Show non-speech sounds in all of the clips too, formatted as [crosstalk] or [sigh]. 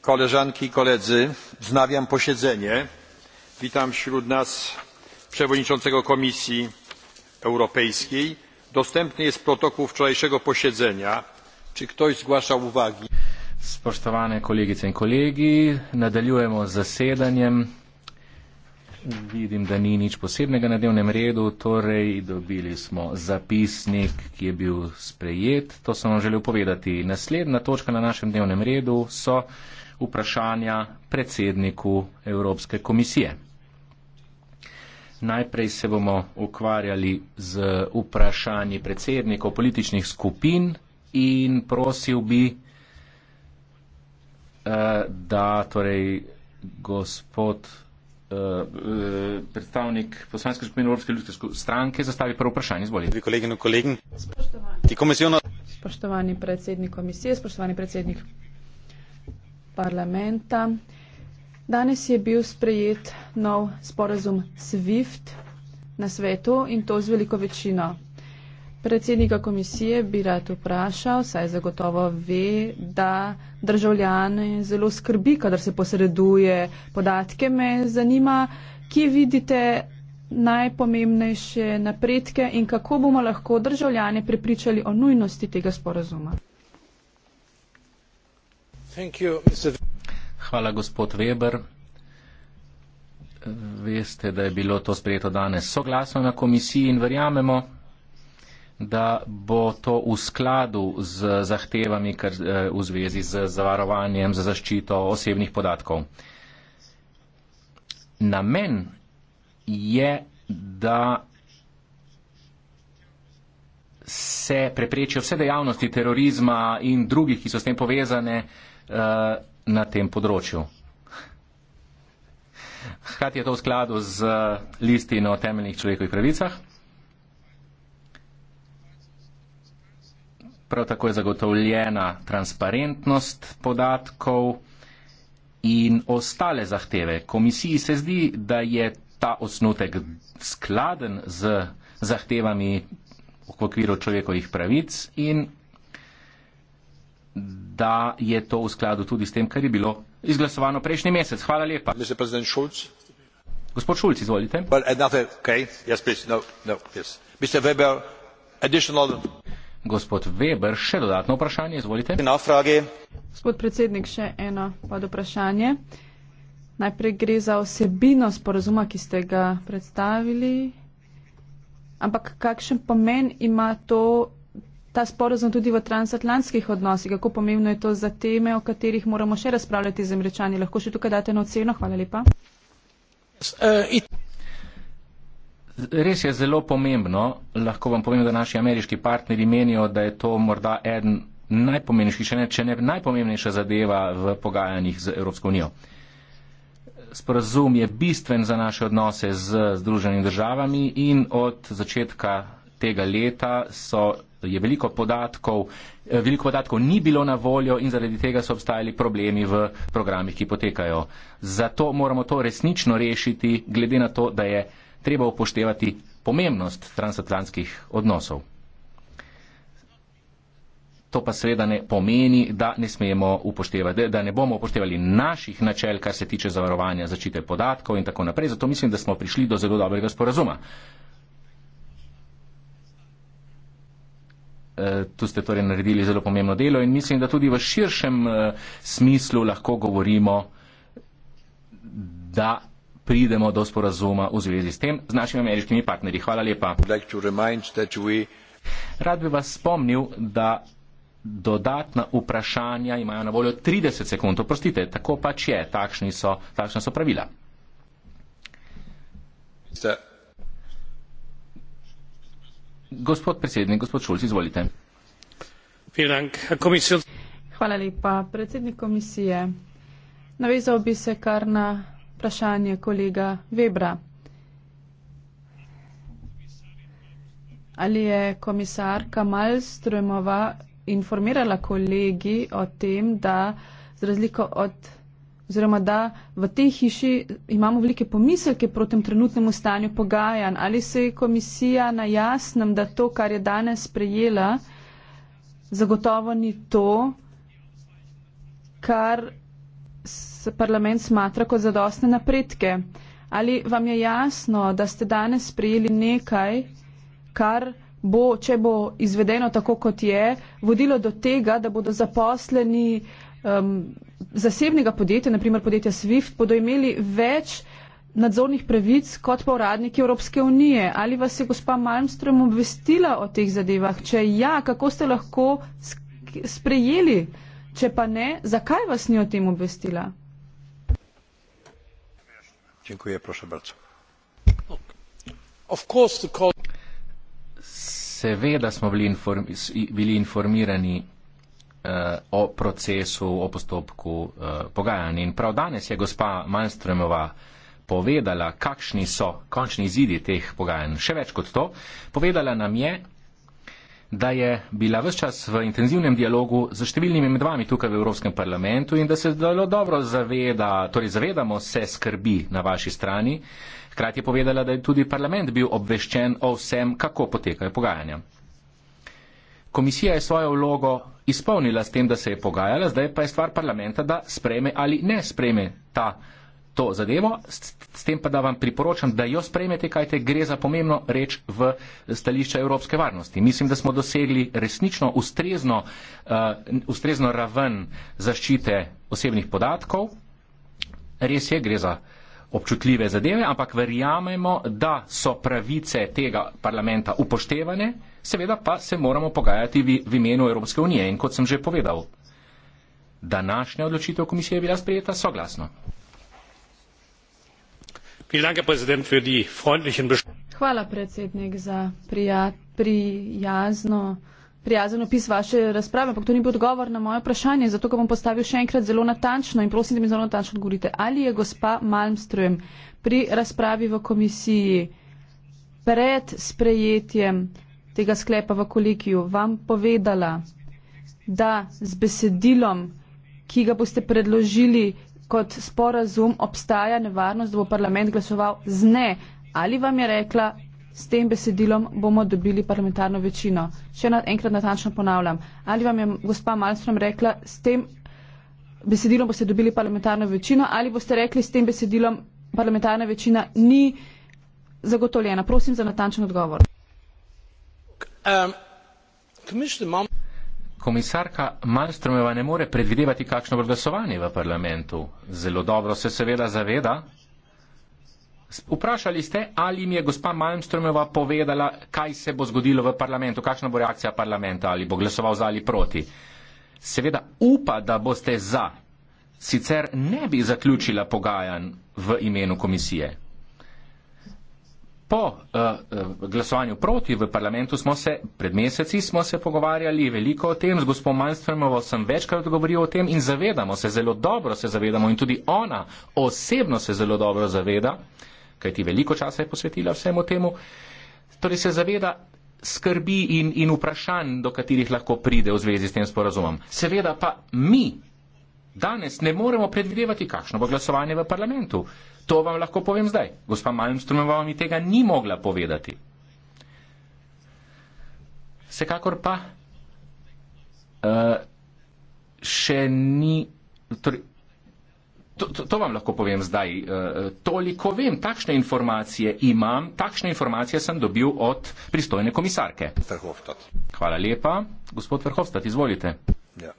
koleżanki i koledzy wznawiam posiedzenie witam wśród nas przewodniczącego komisji europejskiej dostępny jest protokół wczorajszego posiedzenia czy ktoś zgłasza uwagi spoštovane kolegice in kolegi nadaljujemo z zasedanjem vidim da ni nič posebnega na dnevnem redu torej dobili smo zapisnik ki je bil sprejet to sem vam želel povedati naslednja točka na našem dnevnem redu so vprašanja predsedniku Evropske komisije. Najprej se bomo ukvarjali z vprašanji predsednikov političnih skupin in prosil bi, eh, da torej gospod eh, eh, predstavnik poslanske skupine Evropske ljudske stranke zastavi prvo vprašanje. Izvolite. Spoštovani. spoštovani predsednik komisije, spoštovani predsednik parlamenta. Danes je bil sprejet nov sporazum SWIFT na svetu in to z veliko večino. Predsednika komisije bi rad vprašal, saj zagotovo ve, da državljane zelo skrbi, kadar se posreduje podatke. Me zanima, kje vidite najpomembnejše napredke in kako bomo lahko državljane prepričali o nujnosti tega sporazuma. Hvala, gospod Weber. Veste, da je bilo to sprejeto danes soglasno na komisiji in verjamemo, da bo to v skladu z zahtevami kar, eh, v zvezi z zavarovanjem za zaščito osebnih podatkov. Namen je, da se preprečijo vse dejavnosti terorizma in drugih, ki so s tem povezane, Eh, na tem področju. Hkrati je to v skladu z listino o temeljnih človekovih pravicah. Prav tako je zagotovljena transparentnost podatkov in ostale zahteve. Komisiji se zdi, da je ta osnutek skladen z zahtevami v okviru človekovih pravic in da je to v skladu tudi s tem, kar je bilo izglasovano prejšnji mesec. Hvala lepa. Gospod Šulc, izvolite. Well, another, okay. yes, no, no, yes. Weber, additional... Gospod Weber, še dodatno vprašanje, izvolite. Gospod predsednik, še eno podvprašanje. Najprej gre za osebino sporozuma, ki ste ga predstavili. Ampak kakšen pomen ima to ta sporozum tudi v transatlantskih odnosih, kako pomembno je to za teme, o katerih moramo še razpravljati z američani. Lahko še tukaj date eno oceno. Hvala lepa. E, Res je zelo pomembno. Lahko vam povem, da naši ameriški partneri menijo, da je to morda en najpomembnejši, če ne, če ne najpomembnejša zadeva v pogajanjih z Evropsko unijo. Sporazum je bistven za naše odnose z združenimi državami in od začetka tega leta so je veliko podatkov, eh, veliko podatkov ni bilo na voljo in zaradi tega so obstajali problemi v programih, ki potekajo. Zato moramo to resnično rešiti, glede na to, da je treba upoštevati pomembnost transatlantskih odnosov. To pa seveda ne pomeni, da ne, da ne bomo upoštevali naših načel, kar se tiče zavarovanja, začite podatkov in tako naprej. Zato mislim, da smo prišli do zelo dobrega sporazuma. Eh, tu ste torej naredili zelo pomembno delo in mislim, da tudi v širšem eh, smislu lahko govorimo, da pridemo do sporazuma v zvezi s tem z našimi ameriškimi partnerji. Hvala lepa. Rad bi vas spomnil, da dodatna vprašanja imajo na voljo 30 sekund. Oprostite, tako pač je, takšna so, so pravila. Mr gospod predsednik, gospod Šulc, izvolite. Hvala lepa, predsednik komisije. Navezal bi se kar na vprašanje kolega Webra. Ali je komisarka Malstrumova informirala kolegi o tem, da z razliko od oziroma da v tej hiši imamo velike pomisleke proti trenutnemu stanju pogajanj. Ali se je komisija na jasnem, da to, kar je danes sprejela, zagotovo ni to, kar se parlament smatra kot zadostne napredke? Ali vam je jasno, da ste danes sprejeli nekaj, kar bo, če bo izvedeno tako, kot je, vodilo do tega, da bodo zaposleni um, zasebnega podjetja, naprimer podjetja SWIFT, bodo imeli več nadzornih pravic kot pa uradniki Evropske unije. Ali vas je gospa Malmström obvestila o teh zadevah? Če ja, kako ste lahko sprejeli? Če pa ne, zakaj vas ni o tem obvestila? Seveda smo bili, informi, bili informirani eh, o procesu, o postopku eh, pogajanja. In prav danes je gospa Malmstrmova povedala, kakšni so končni izidi teh pogajanj. Še več kot to, povedala nam je, da je bila vse čas v intenzivnem dialogu z številnimi med vami tukaj v Evropskem parlamentu in da se zelo dobro zaveda, torej zavedamo se skrbi na vaši strani. Hkrati je povedala, da je tudi parlament bil obveščen o vsem, kako potekajo pogajanja. Komisija je svojo vlogo izpolnila s tem, da se je pogajala, zdaj pa je stvar parlamenta, da spreme ali ne spreme ta to zadevo, s, s tem pa da vam priporočam, da jo spremete, kajte gre za pomembno reč v stališča Evropske varnosti. Mislim, da smo dosegli resnično ustrezno, uh, ustrezno raven zaščite osebnih podatkov. Res je, gre za občutljive zadeve, ampak verjamemo, da so pravice tega parlamenta upoštevane. Uh, seveda pa se moramo pogajati v, v imenu Evropske unije in kot sem že povedal, današnja odločitev komisije je bila sprejeta soglasno. Hvala predsednik za prijazno. Prijazen opis vaše razprave, ampak to ni bil odgovor na moje vprašanje, zato ga bom postavil še enkrat zelo natančno in prosim, da mi zelo natančno odgovorite. Ali je gospa Malmström pri razpravi v komisiji pred sprejetjem tega sklepa v kolegiju, vam povedala, da z besedilom, ki ga boste predložili kot sporazum, obstaja nevarnost, da bo parlament glasoval z ne. Ali vam je rekla, s tem besedilom bomo dobili parlamentarno večino? Še enkrat natančno ponavljam. Ali vam je gospa Malmström rekla, s tem besedilom boste dobili parlamentarno večino? Ali boste rekli, s tem besedilom parlamentarna večina ni zagotovljena? Prosim za natančen odgovor. Um, Komisarka Malmstromeva ne more predvidevati, kakšno bo glasovanje v parlamentu. Zelo dobro se seveda zaveda. Vprašali ste, ali mi je gospa Malmstromeva povedala, kaj se bo zgodilo v parlamentu, kakšna bo reakcija parlamenta, ali bo glasoval za ali proti. Seveda upa, da boste za. Sicer ne bi zaključila pogajanj v imenu komisije po uh, glasovanju proti v parlamentu smo se, pred meseci smo se pogovarjali veliko o tem, z gospod Malmstromovo sem večkrat govoril o tem in zavedamo se, zelo dobro se zavedamo in tudi ona osebno se zelo dobro zaveda, kajti veliko časa je posvetila vsemu temu, torej se zaveda skrbi in, in vprašanj, do katerih lahko pride v zvezi s tem sporazumom. Seveda pa mi Danes ne moremo predvidevati, kakšno bo glasovanje v parlamentu. To vam lahko povem zdaj. Gospa Malmstrumova mi tega ni mogla povedati. Sekakor pa uh, še ni. Torej, To, to, to vam lahko povem zdaj. E, toliko vem, takšne informacije imam, takšne informacije sem dobil od pristojne komisarke. Hvala lepa. Gospod Verhofstad, izvolite. Ja.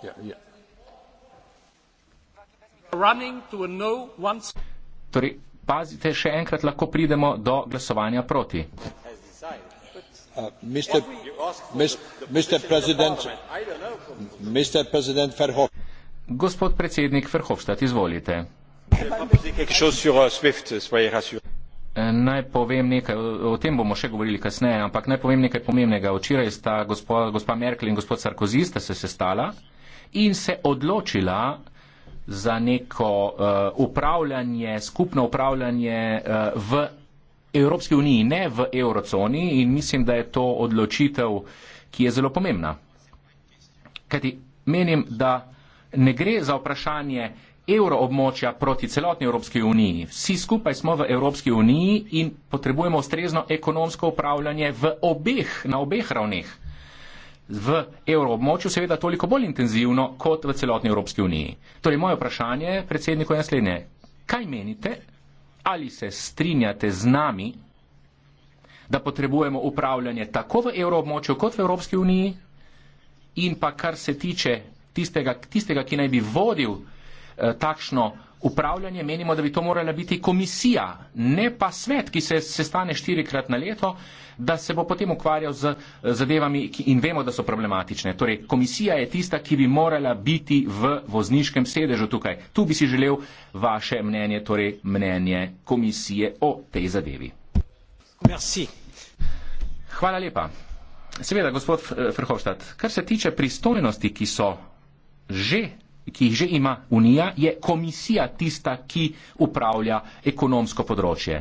Ja, ja. No torej, pazite, še enkrat lahko pridemo do glasovanja proti. Uh, Mr. Mr. President, Mr. President Gospod predsednik Verhofstadt, izvolite. Uh, eh, eh, naj povem nekaj, o tem bomo še govorili kasneje, ampak naj povem nekaj pomembnega. Včeraj sta gospod, gospa Merkel in gospod Sarkozy sta se sestala in se odločila, za neko uh, upravljanje, skupno upravljanje uh, v Evropski uniji, ne v eurozoni in mislim, da je to odločitev, ki je zelo pomembna. Kajti menim, da ne gre za vprašanje evroobmočja proti celotni Evropski uniji. Vsi skupaj smo v Evropski uniji in potrebujemo ustrezno ekonomsko upravljanje v obeh, na obeh ravneh v evroobmočju seveda toliko bolj intenzivno kot v celotni Evropski uniji. Torej, moje vprašanje predsedniku je naslednje. Kaj menite, ali se strinjate z nami, da potrebujemo upravljanje tako v evroobmočju kot v Evropski uniji in pa kar se tiče tistega, tistega ki naj bi vodil Eh, takšno upravljanje, menimo, da bi to morala biti komisija, ne pa svet, ki se sestane štirikrat na leto, da se bo potem ukvarjal z eh, zadevami in vemo, da so problematične. Torej, komisija je tista, ki bi morala biti v vozniškem sedežu tukaj. Tu bi si želel vaše mnenje, torej mnenje komisije o tej zadevi. Merci. Hvala lepa. Seveda, gospod Frhovstad, eh, kar se tiče pristojnosti, ki so že ki jih že ima Unija, je komisija tista, ki upravlja ekonomsko področje.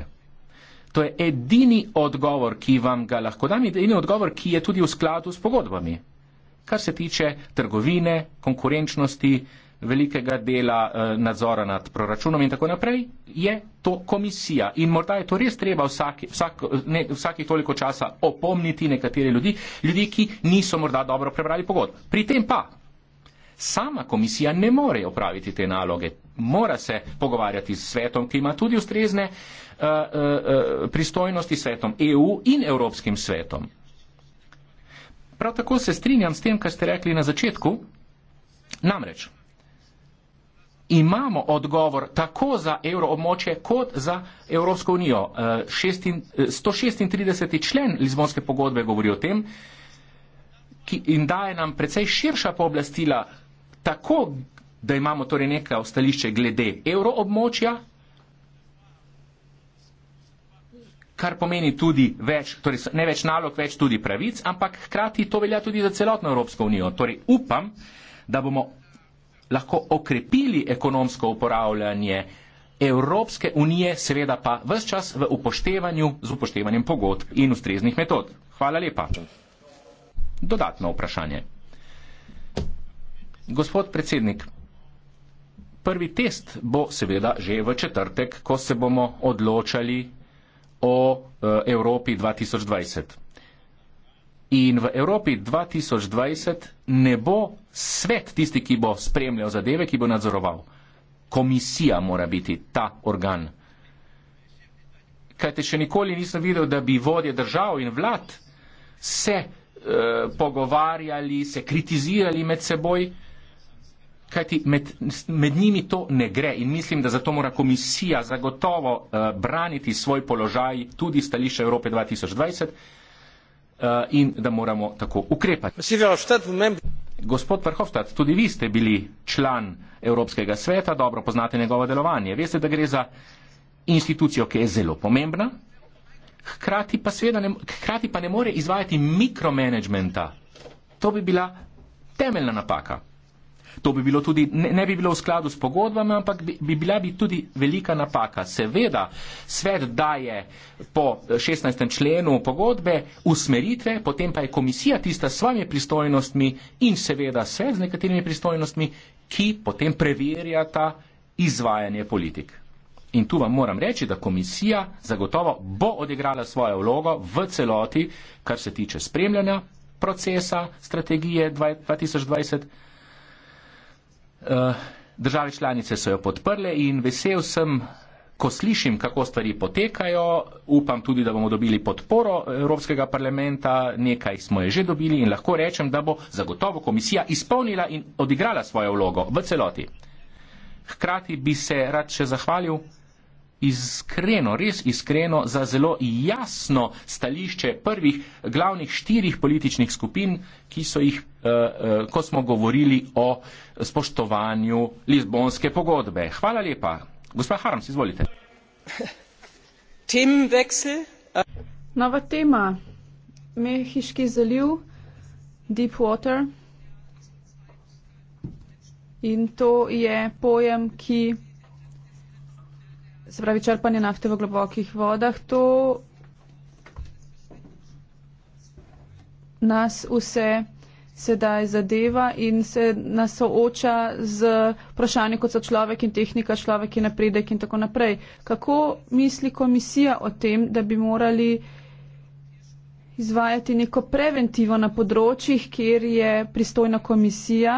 To je edini odgovor, ki vam ga lahko dam, edini odgovor, ki je tudi v skladu s pogodbami. Kar se tiče trgovine, konkurenčnosti, velikega dela eh, nadzora nad proračunom in tako naprej, je to komisija. In morda je to res treba vsaki, vsak, ne, vsaki toliko časa opomniti nekatere ljudi, ljudi, ki niso morda dobro prebrali pogodb. Pri tem pa Sama komisija ne more opraviti te naloge, mora se pogovarjati s svetom, ki ima tudi ustrezne uh, uh, uh, pristojnosti svetom EU in Evropskim svetom. Prav tako se strinjam s tem, kar ste rekli na začetku. Namreč imamo odgovor tako za euroobmoče kot za Evropsko unijo. 136. člen Lizbonske pogodbe govori o tem ki, in daje nam precej širša pooblastila tako, da imamo torej neka ostališče glede evroobmočja, kar pomeni tudi več, torej ne več nalog, več tudi pravic, ampak hkrati to velja tudi za celotno Evropsko unijo. Torej upam, da bomo lahko okrepili ekonomsko uporavljanje Evropske unije, seveda pa vse čas v upoštevanju z upoštevanjem pogodb in ustreznih metod. Hvala lepa. Dodatno vprašanje. Gospod predsednik, prvi test bo seveda že v četrtek, ko se bomo odločali o e, Evropi 2020. In v Evropi 2020 ne bo svet tisti, ki bo spremljal zadeve, ki bo nadzoroval. Komisija mora biti ta organ. Kajte še nikoli nisem videl, da bi vodje držav in vlad se eh, pogovarjali, se kritizirali med seboj. Kajti med, med njimi to ne gre in mislim, da zato mora komisija zagotovo uh, braniti svoj položaj tudi stališče Evrope 2020 uh, eh, in da moramo tako ukrepati. Gospod Verhofstadt, tudi vi ste bili član Evropskega sveta, dobro poznate njegovo delovanje. Veste, da gre za institucijo, ki je zelo pomembna, hkrati pa, sveda ne, hkrati pa ne more izvajati mikromanagementa. To bi bila temeljna napaka. To bi bilo tudi, ne, ne bi bilo v skladu s pogodbami, ampak bi, bi bila bi tudi velika napaka. Seveda, svet daje po 16. členu pogodbe usmeritve, potem pa je komisija tista s svojimi pristojnostmi in seveda svet z nekaterimi pristojnostmi, ki potem preverja ta izvajanje politik. In tu vam moram reči, da komisija zagotovo bo odigrala svojo vlogo v celoti, kar se tiče spremljanja procesa strategije 2020. Eh, države članice so jo podprle in vesel sem, ko slišim, kako stvari potekajo. Upam tudi, da bomo dobili podporo Evropskega parlamenta, nekaj smo je že dobili in lahko rečem, da bo zagotovo komisija izpolnila in odigrala svojo vlogo v celoti. Hkrati bi se rad še zahvalil iskreno, res iskreno za zelo jasno stališče prvih glavnih štirih političnih skupin, ki so jih, eh, eh, ko smo govorili o spoštovanju Lizbonske pogodbe. Hvala lepa. Gospa Harms, izvolite. [laughs] Äh Nova tema. Mehiški zaliv, deep water. In to je pojem, ki se pravi črpanje nafte v globokih vodah, to nas vse sedaj zadeva in se nas sooča z vprašanji, kot so človek in tehnika, človek in napredek in tako naprej. Kako misli komisija o tem, da bi morali izvajati neko preventivo na področjih, kjer je pristojna komisija,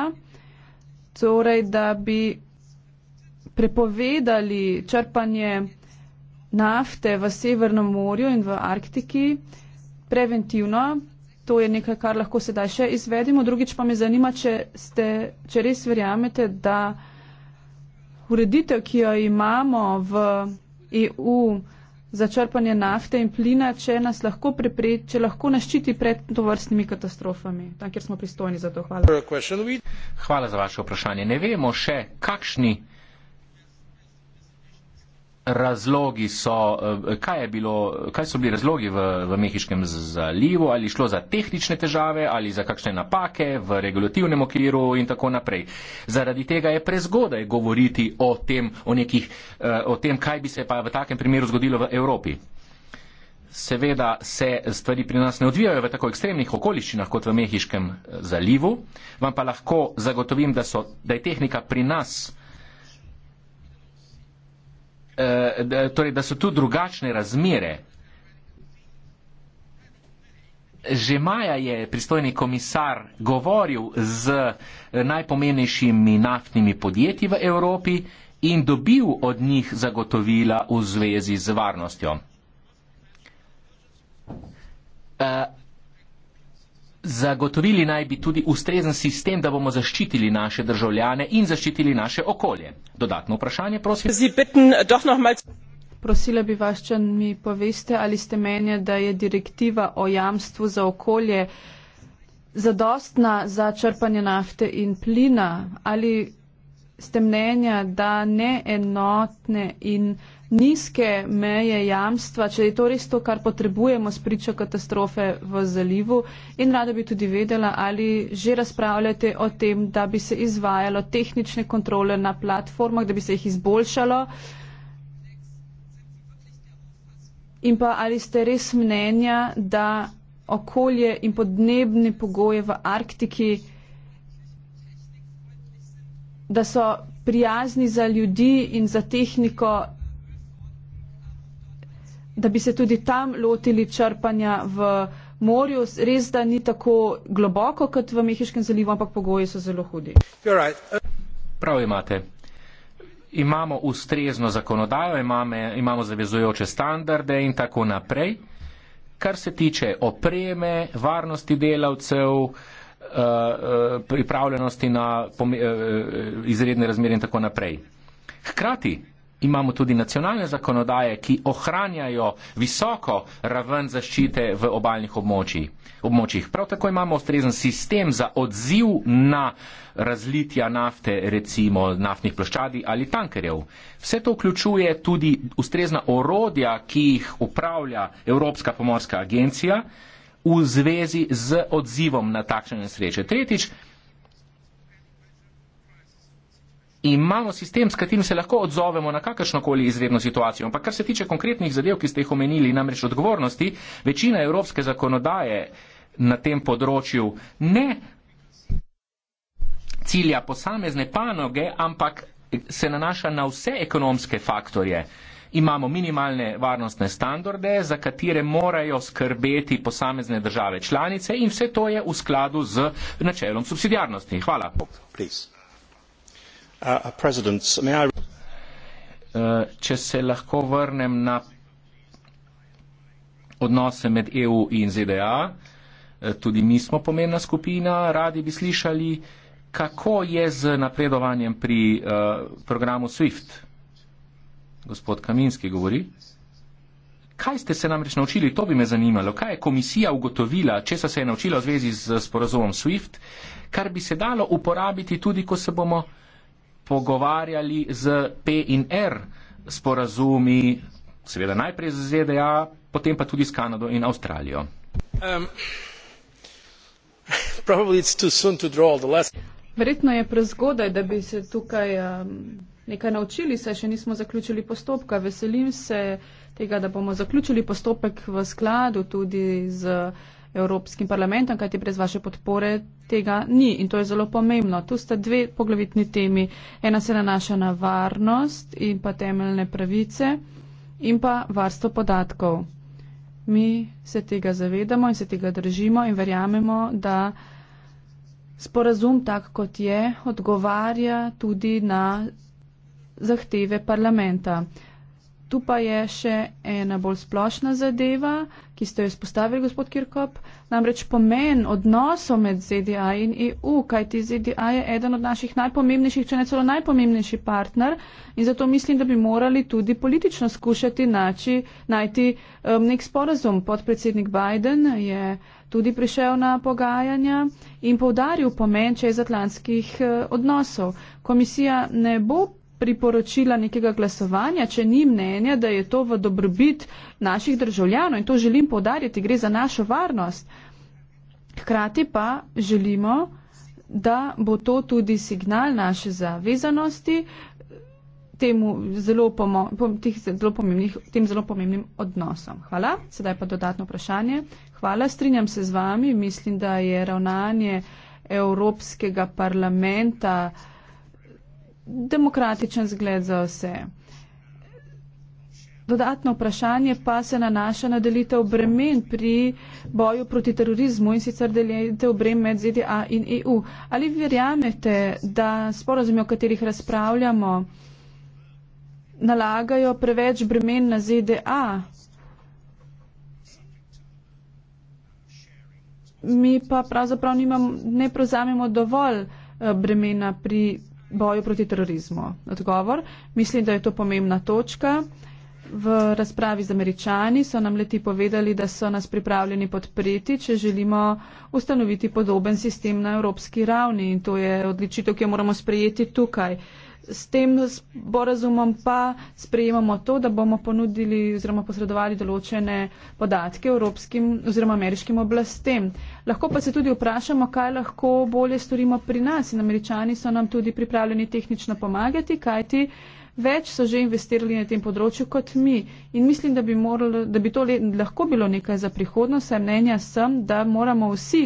torej da bi prepovedali črpanje nafte v Severnem morju in v Arktiki preventivno. To je nekaj, kar lahko sedaj še izvedemo. Drugič pa me zanima, če, ste, če res verjamete, da ureditev, ki jo imamo v EU za črpanje nafte in plina, če nas lahko, prepre, če lahko naščiti pred tovrstnimi katastrofami, tam, kjer smo pristojni za to. Hvala. Hvala za vaše vprašanje. Ne vemo še, kakšni razlogi so, eh, kaj, je bilo, kaj so bili razlogi v, v Mehiškem zalivu, ali šlo za tehnične težave, ali za kakšne napake v regulativnem okviru in tako naprej. Zaradi tega je prezgodaj govoriti o tem, o nekih, eh, o tem kaj bi se pa v takem primeru zgodilo v Evropi. Seveda se stvari pri nas ne odvijajo v tako ekstremnih okoliščinah kot v Mehiškem zalivu, vam pa lahko zagotovim, da, so, da je tehnika pri nas Eh, torej, da so tu drugačne razmere. Že maja je pristojni komisar govoril z eh, najpomenejšimi naftnimi podjetji v Evropi in dobil od njih zagotovila v zvezi z varnostjo. Eh, Zagotovili naj bi tudi ustrezen sistem, da bomo zaščitili naše državljane in zaščitili naše okolje. Dodatno vprašanje, prosim. Prosila bi vas, če mi poveste, ali ste menja, da je direktiva o jamstvu za okolje zadostna za črpanje nafte in plina, ali ste mnenja, da neenotne in nizke meje jamstva, če je to res to, kar potrebujemo s pričo katastrofe v zalivu. In rada bi tudi vedela, ali že razpravljate o tem, da bi se izvajalo tehnične kontrole na platformah, da bi se jih izboljšalo. In pa ali ste res mnenja, da okolje in podnebne pogoje v Arktiki, da so prijazni za ljudi in za tehniko da bi se tudi tam lotili črpanja v morju. Res, da ni tako globoko kot v Mehiškem zalivu, ampak pogoji so zelo hudi. Prav imate. Imamo ustrezno zakonodajo, imame, imamo zavezujoče standarde in tako naprej. Kar se tiče opreme, varnosti delavcev, eh, eh, pripravljenosti na eh, izredne razmere in tako naprej. Hkrati imamo tudi nacionalne zakonodaje, ki ohranjajo visoko raven zaščite v obaljnih območjih. območjih. Prav tako imamo ustrezen sistem za odziv na razlitja nafte, recimo naftnih ploščadi ali tankerjev. Vse to vključuje tudi ustrezna orodja, ki jih upravlja Evropska pomorska agencija v zvezi z odzivom na takšne nesreče. Tretjič, imamo sistem, s katerim se lahko odzovemo na kakršnokoli izredno situacijo. Ampak kar se tiče konkretnih zadev, ki ste jih omenili, namreč odgovornosti, večina evropske zakonodaje na tem področju ne cilja posamezne panoge, ampak se nanaša na vse ekonomske faktorje. Imamo minimalne varnostne standarde, za katere morajo skrbeti posamezne države članice in vse to je v skladu z načelom subsidiarnosti. Hvala. Please. Uh, uh, če se lahko vrnem na odnose med EU in ZDA, uh, tudi mi smo pomembna skupina, radi bi slišali, kako je z napredovanjem pri programu SWIFT. Gospod Kaminski govori. Kaj ste se namreč naučili, to bi me zanimalo. Kaj je komisija ugotovila, če se je naučila v zvezi z sporozumom SWIFT, kar bi se dalo uporabiti tudi, ko se bomo pogovarjali z P in R sporazumi, seveda najprej z ZDA, potem pa tudi s Kanado in Avstralijo. Um, Verjetno je prezgodaj, da bi se tukaj um, nekaj naučili, saj še nismo zaključili postopka. Veselim se tega, da bomo zaključili postopek v skladu tudi z. Uh, Evropskim parlamentom, kajti brez vaše podpore tega ni. In to je zelo pomembno. Tu sta dve poglavitni temi. Ena se nanaša na varnost in pa temeljne pravice in pa varstvo podatkov. Mi se tega zavedamo in se tega držimo in verjamemo, da sporazum tak, kot je, odgovarja tudi na zahteve parlamenta. Tu pa je še ena bolj splošna zadeva, ki ste jo izpostavili, gospod Kirkop, namreč pomen odnosov med ZDA in EU, kajti ZDA je eden od naših najpomembnejših, če ne celo najpomembnejši partner in zato mislim, da bi morali tudi politično skušati nači, najti um, nek sporazum. Podpredsednik Biden je tudi prišel na pogajanja in povdaril pomen čezatlantskih uh, odnosov. Komisija ne bo priporočila nekega glasovanja, če ni mnenja, da je to v dobrobit naših državljanov in to želim podariti, gre za našo varnost. Hkrati pa želimo, da bo to tudi signal naše zavezanosti temu zelo pomo, zelo tem zelo pomembnim odnosom. Hvala. Sedaj pa dodatno vprašanje. Hvala, strinjam se z vami. Mislim, da je ravnanje Evropskega parlamenta demokratičen zgled za vse. Dodatno vprašanje pa se nanaša na delitev bremen pri boju proti terorizmu in sicer delitev brem med ZDA in EU. Ali verjamete, da sporozumi, o katerih razpravljamo, nalagajo preveč bremen na ZDA? Mi pa pravzaprav nimam, ne prevzamemo dovolj eh, bremena pri boju proti terorizmu. Odgovor. Mislim, da je to pomembna točka. V razpravi z američani so nam leti povedali, da so nas pripravljeni podpreti, če želimo ustanoviti podoben sistem na evropski ravni in to je odličitev, ki jo moramo sprejeti tukaj. Uh, S tem sporazumom pa sprejemamo to, da bomo ponudili oziroma posredovali določene podatke evropskim oziroma ameriškim oblastem. Lahko pa se tudi vprašamo, kaj lahko bolje storimo pri nas in američani so nam tudi pripravljeni tehnično pomagati, kajti več so že investirali na tem področju kot mi. In mislim, da bi, moralo, da bi to le, lahko bilo nekaj za prihodnost, saj mnenja sem, da moramo vsi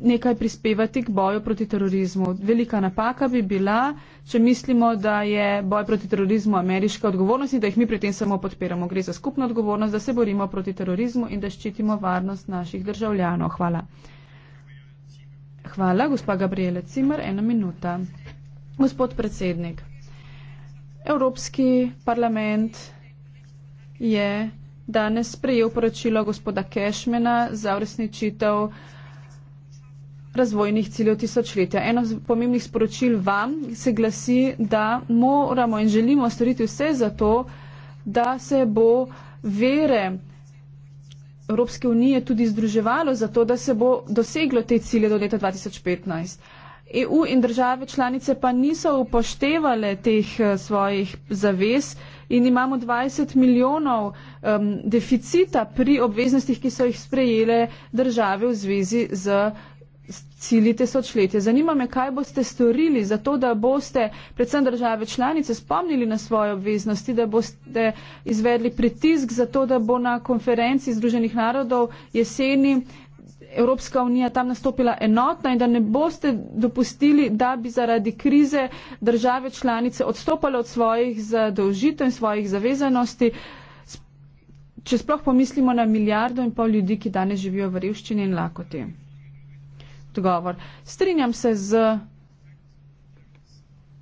nekaj prispevati k boju proti terorizmu. Velika napaka bi bila, če mislimo, da je boj proti terorizmu ameriška odgovornost in da jih mi pri tem samo podpiramo. Gre za skupno odgovornost, da se borimo proti terorizmu in da ščitimo varnost naših državljanov. Hvala. Hvala, gospa Gabriele Cimer. Ena minuta. Gospod predsednik, Evropski parlament je danes sprejel poročilo gospoda Kešmena za uresničitev razvojnih ciljev tisočletja. Eno z pomembnih sporočil vam se glasi, da moramo in želimo storiti vse za to, da se bo vere Evropske unije tudi združevalo za to, da se bo doseglo te cilje do leta 2015. EU in države članice pa niso upoštevale teh eh, svojih zavez in imamo 20 milijonov um, deficita pri obveznostih, ki so jih sprejele države v zvezi z cilji tisočletja. Zanima me, kaj boste storili za to, da boste predvsem države članice spomnili na svoje obveznosti, da boste izvedli pritisk za to, da bo na konferenci Združenih narodov jeseni Evropska unija tam nastopila enotna in da ne boste dopustili, da bi zaradi krize države članice odstopale od svojih zadolžitev in svojih zavezanosti. Če sploh pomislimo na milijardo in pol ljudi, ki danes živijo v revščini in lakoti odgovor. Strinjam se z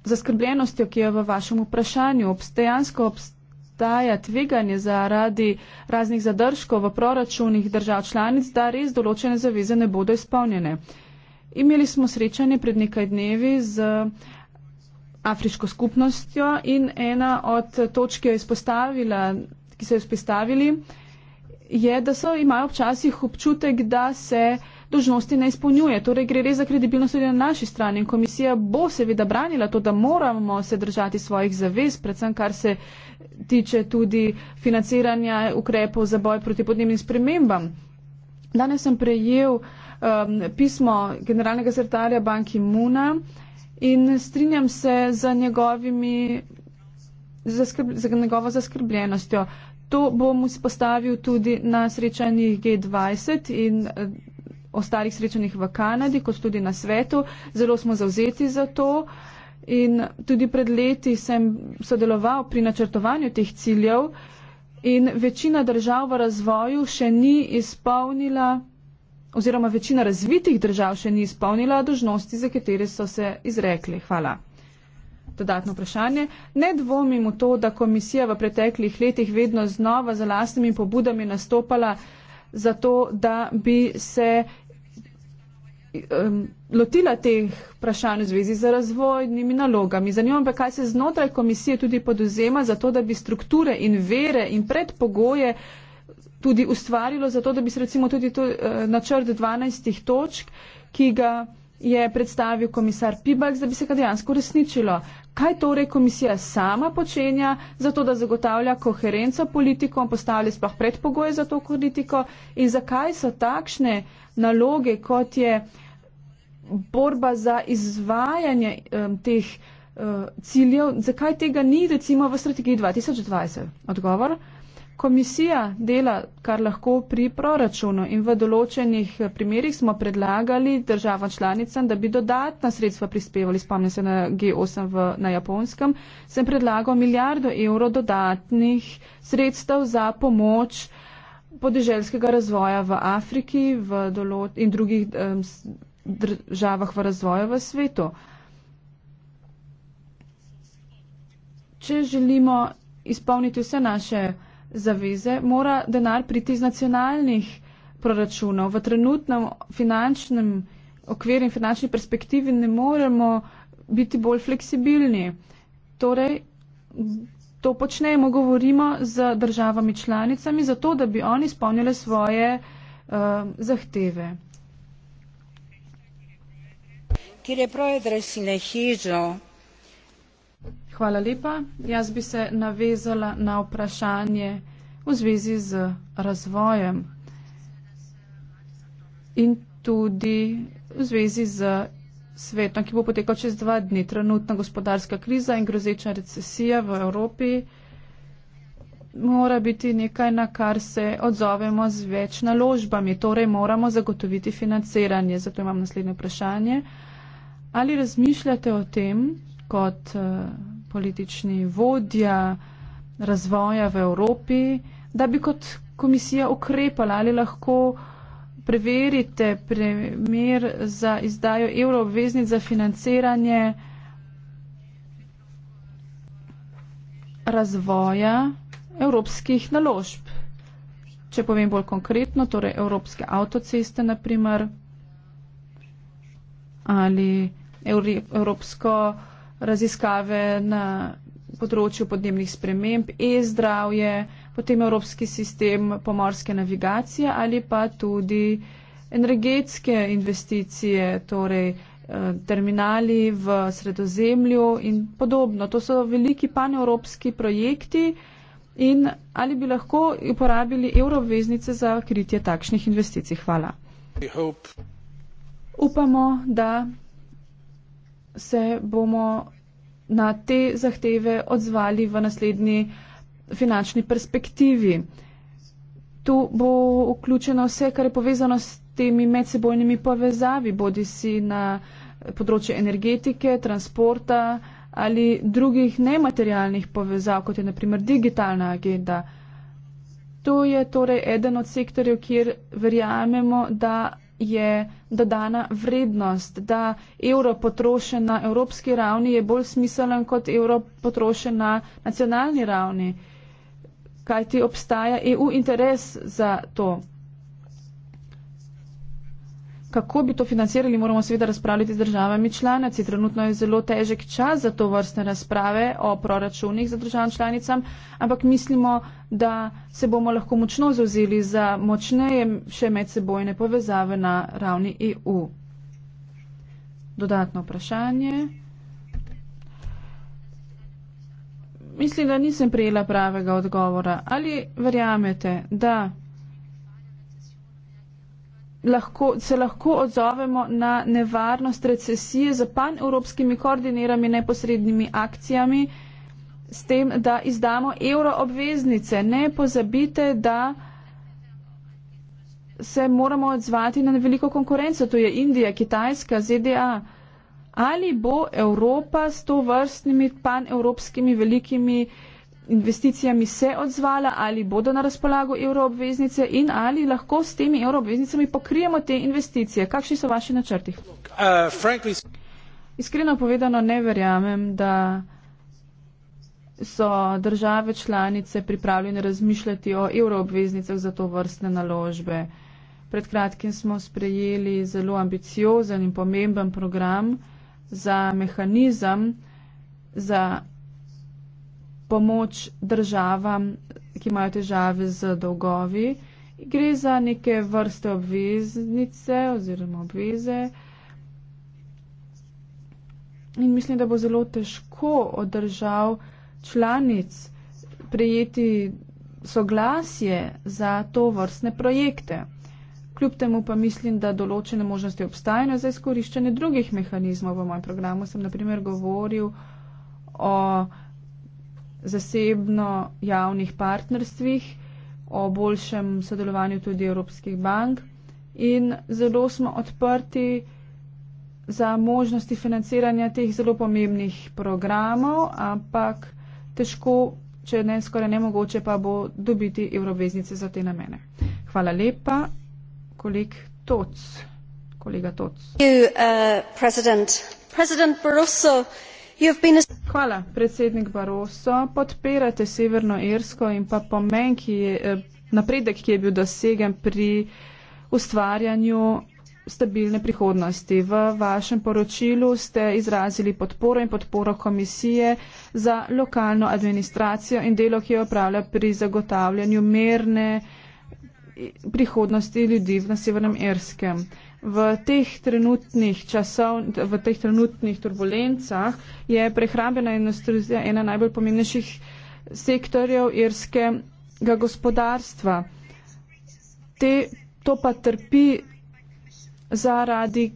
zaskrbljenostjo, ki je v vašem vprašanju. Obstajansko obstaja tveganje zaradi raznih zadržkov v proračunih držav članic, da res določene zaveze ne bodo izpolnjene. Imeli smo srečanje pred nekaj dnevi z afriško skupnostjo in ena od točk, ki, ki so jo izpostavili, je, da so imajo včasih občutek, da se dožnosti ne izpolnjuje. Torej gre res za kredibilnost tudi na naši strani in komisija bo seveda branila to, da moramo se držati svojih zavez, predvsem kar se tiče tudi financiranja ukrepov za boj proti podnebnim spremembam. Danes sem prejel um, pismo generalnega sekretarja banki Muna in strinjam se za njegovimi. Zaskrb, za njegovo zaskrbljenostjo. To bom si postavil tudi na srečanjih G20 in ostalih srečanjih v Kanadi, kot tudi na svetu. Zelo smo zauzeti za to. In tudi pred leti sem sodeloval pri načrtovanju teh ciljev in večina držav v razvoju še ni izpolnila oziroma večina razvitih držav še ni izpolnila dožnosti, za katere so se izrekli. Hvala. Dodatno vprašanje. Ne dvomim v to, da komisija v preteklih letih vedno znova za lastnimi pobudami nastopala za to, da bi se um, lotila teh vprašanj v zvezi z razvojnimi nalogami. Zanima me, kaj se znotraj komisije tudi podozema za to, da bi strukture in vere in predpogoje tudi ustvarilo za to, da bi se recimo tudi to, uh, načrt 12 točk, ki ga je predstavil komisar Pibak, da bi se ga dejansko resničilo. Kaj torej komisija sama počenja za to, da zagotavlja koherenco politikom, postavlja sploh predpogoje za to politiko in zakaj so takšne naloge, kot je uh, borba za izvajanje um, teh uh, ciljev, zakaj tega ni recimo v strategiji 2020? Odgovor. Komisija dela, kar lahko pri proračunu in v določenih eh, primerjih smo predlagali državam članicam, da bi dodatna sredstva prispevali, spomnim se na G8 v, na japonskem, sem predlagal milijardo evrov dodatnih sredstev za pomoč podeželskega razvoja v Afriki v dolo, in drugih. Um, državah v razvoju v svetu. Če želimo izpolniti vse naše zaveze, mora denar priti iz nacionalnih proračunov. V trenutnem finančnem okviru in finančni perspektivi ne moremo biti bolj fleksibilni. Torej, to počnemo, govorimo z državami članicami, zato da bi oni izpolnili svoje uh, zahteve. Hvala lepa. Jaz bi se navezala na vprašanje v zvezi z razvojem in tudi v zvezi z svetom, ki bo potekal čez dva dni. Trenutna gospodarska kriza in grozeča recesija v Evropi mora biti nekaj, na kar se odzovemo z več naložbami. Torej moramo zagotoviti financiranje. Zato imam naslednje vprašanje. Ali razmišljate o tem kot eh, politični vodja razvoja v Evropi, da bi kot komisija ukrepala ali lahko preverite primer za izdajo evroobveznic za financiranje razvoja evropskih naložb? Če povem bolj konkretno, torej evropske avtoceste, naprimer, ali Evropsko raziskave na področju podnebnih sprememb, e-zdravje, potem Evropski sistem pomorske navigacije ali pa tudi energetske investicije, torej eh, terminali v sredozemlju in podobno. To so veliki panevropski projekti in ali bi lahko uporabili euroveznice za kritje takšnih investicij. Hvala. Upamo, da se bomo na te zahteve odzvali v naslednji finančni perspektivi. Tu bo vključeno vse, kar je povezano s temi medsebojnimi povezavi, bodi si na področju energetike, transporta ali drugih nematerialnih povezav, kot je naprimer digitalna agenda. To je torej eden od sektorjev, kjer verjamemo, da je dodana vrednost, da evro potrošen na evropski ravni je bolj smiselen kot evro potrošen na nacionalni ravni, kajti obstaja EU interes za to. Kako bi to financirali, moramo seveda razpravljati z državami članici. Trenutno je zelo težek čas za to vrstne razprave o proračunih za državam članicam, ampak mislimo, da se bomo lahko močno zauzeli za močneje še medsebojne povezave na ravni EU. Dodatno vprašanje. Mislim, da nisem prijela pravega odgovora. Ali verjamete, da lahko, se lahko odzovemo na nevarnost recesije z pan-evropskimi koordiniranimi neposrednimi akcijami, s tem, da izdamo evro obveznice. Ne pozabite, da se moramo odzvati na veliko konkurenco, to je Indija, Kitajska, ZDA. Ali bo Evropa s to vrstnimi pan-evropskimi velikimi investicijami se odzvala, ali bodo na razpolago evroobveznice in ali lahko s temi evroobveznicami pokrijemo te investicije. Kakšni so vaši načrti? Uh, Iskreno povedano, ne verjamem, da so države članice pripravljene razmišljati o evroobveznicah za to vrstne naložbe. Pred kratkim smo sprejeli zelo ambiciozen in pomemben program za mehanizem za pomoč državam, ki imajo težave z dolgovi. Gre za neke vrste obveznice oziroma obveze. In mislim, da bo zelo težko od držav članic prejeti soglasje za to vrstne projekte. Kljub temu pa mislim, da določene možnosti obstajajo za izkoriščanje drugih mehanizmov. V mojem programu sem naprimer govoril o zasebno-javnih partnerstvih, o boljšem sodelovanju tudi evropskih bank in zelo smo odprti za možnosti financiranja teh zelo pomembnih programov, ampak težko, če ne skoraj nemogoče, pa bo dobiti evroveznice za te namene. Hvala lepa, kolik Toc, kolega Toc. Thank you, uh, President. President Barroso, Hvala, predsednik Baroso. Podpirate Severno Irsko in pa pomen, ki je, eh, napredek, ki je bil dosegen pri ustvarjanju stabilne prihodnosti. V vašem poročilu ste izrazili podporo in podporo komisije za lokalno administracijo in delo, ki jo opravlja pri zagotavljanju merne eh, prihodnosti ljudi na Severnem Irskem v teh trenutnih časov, v teh trenutnih turbulencah je prehrambena industrija ena najbolj pomembnejših sektorjev irskega gospodarstva. Te, to pa trpi zaradi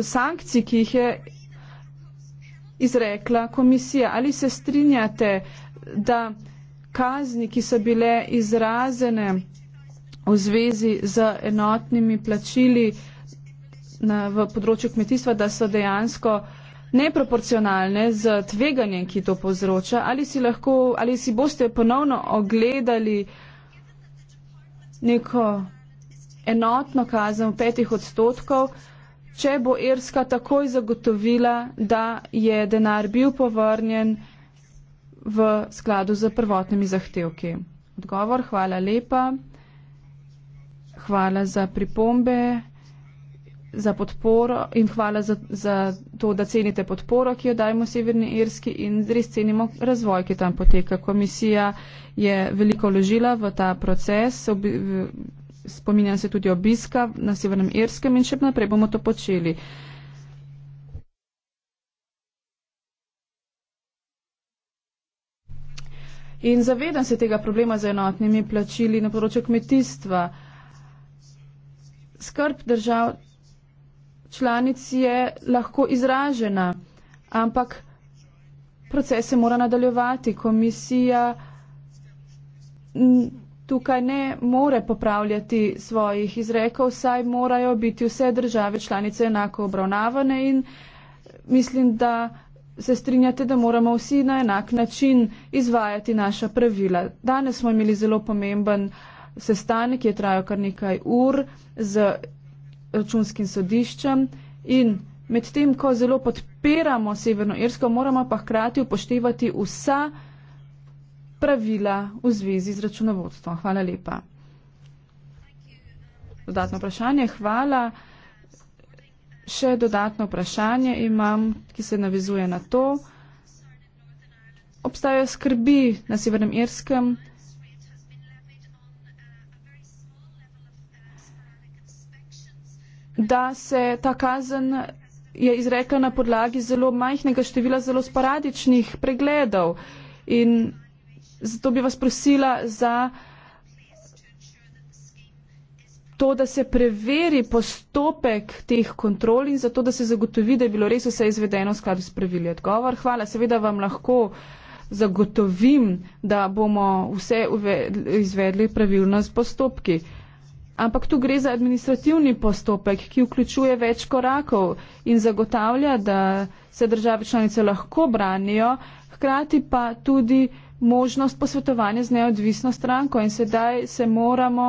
sankcij, ki jih je izrekla komisija. Ali se strinjate, da kazni, ki so bile izrazene, v zvezi z enotnimi plačili na, v področju kmetijstva, da so dejansko neproporcionalne z tveganjem, ki to povzroča. Ali si, lahko, ali si boste ponovno ogledali neko enotno kazen v petih odstotkov, če bo Irska takoj zagotovila, da je denar bil povrnjen v skladu z prvotnimi zahtevki. Odgovor, hvala lepa hvala za pripombe, za podporo in hvala za, za to, da cenite podporo, ki jo dajemo Severni Irski in res cenimo razvoj, ki tam poteka. Komisija je veliko vložila v ta proces, spominjam se tudi obiska na Severnem Irskem in še naprej bomo to počeli. In zavedam se tega problema z enotnimi plačili na področju kmetijstva skrb držav članic je lahko izražena, ampak proces se mora nadaljevati. Komisija tukaj ne more popravljati svojih izrekov, saj morajo biti vse države članice enako obravnavane in mislim, da se strinjate, da moramo vsi na enak način izvajati naša pravila. Danes smo imeli zelo pomemben sestanek je trajal kar nekaj ur z računskim sodiščem in medtem, ko zelo podpiramo Severno Irsko, moramo pa hkrati upoštevati vsa pravila v zvezi z računovodstvom. Hvala lepa. Dodatno vprašanje, hvala. Še dodatno vprašanje imam, ki se navezuje na to. Obstajajo skrbi na Severnem Irskem. da se ta kazen je izrekla na podlagi zelo majhnega števila zelo sporadičnih pregledov. In zato bi vas prosila za to, da se preveri postopek teh kontrol in zato, da se zagotovi, da je bilo res vse izvedeno v skladu s pravili odgovor. Hvala, seveda vam lahko zagotovim, da bomo vse izvedli pravilno s postopki. Ampak tu gre za administrativni postopek, ki vključuje več korakov in zagotavlja, da se države članice lahko branijo, hkrati pa tudi možnost posvetovanja z neodvisno stranko in sedaj se moramo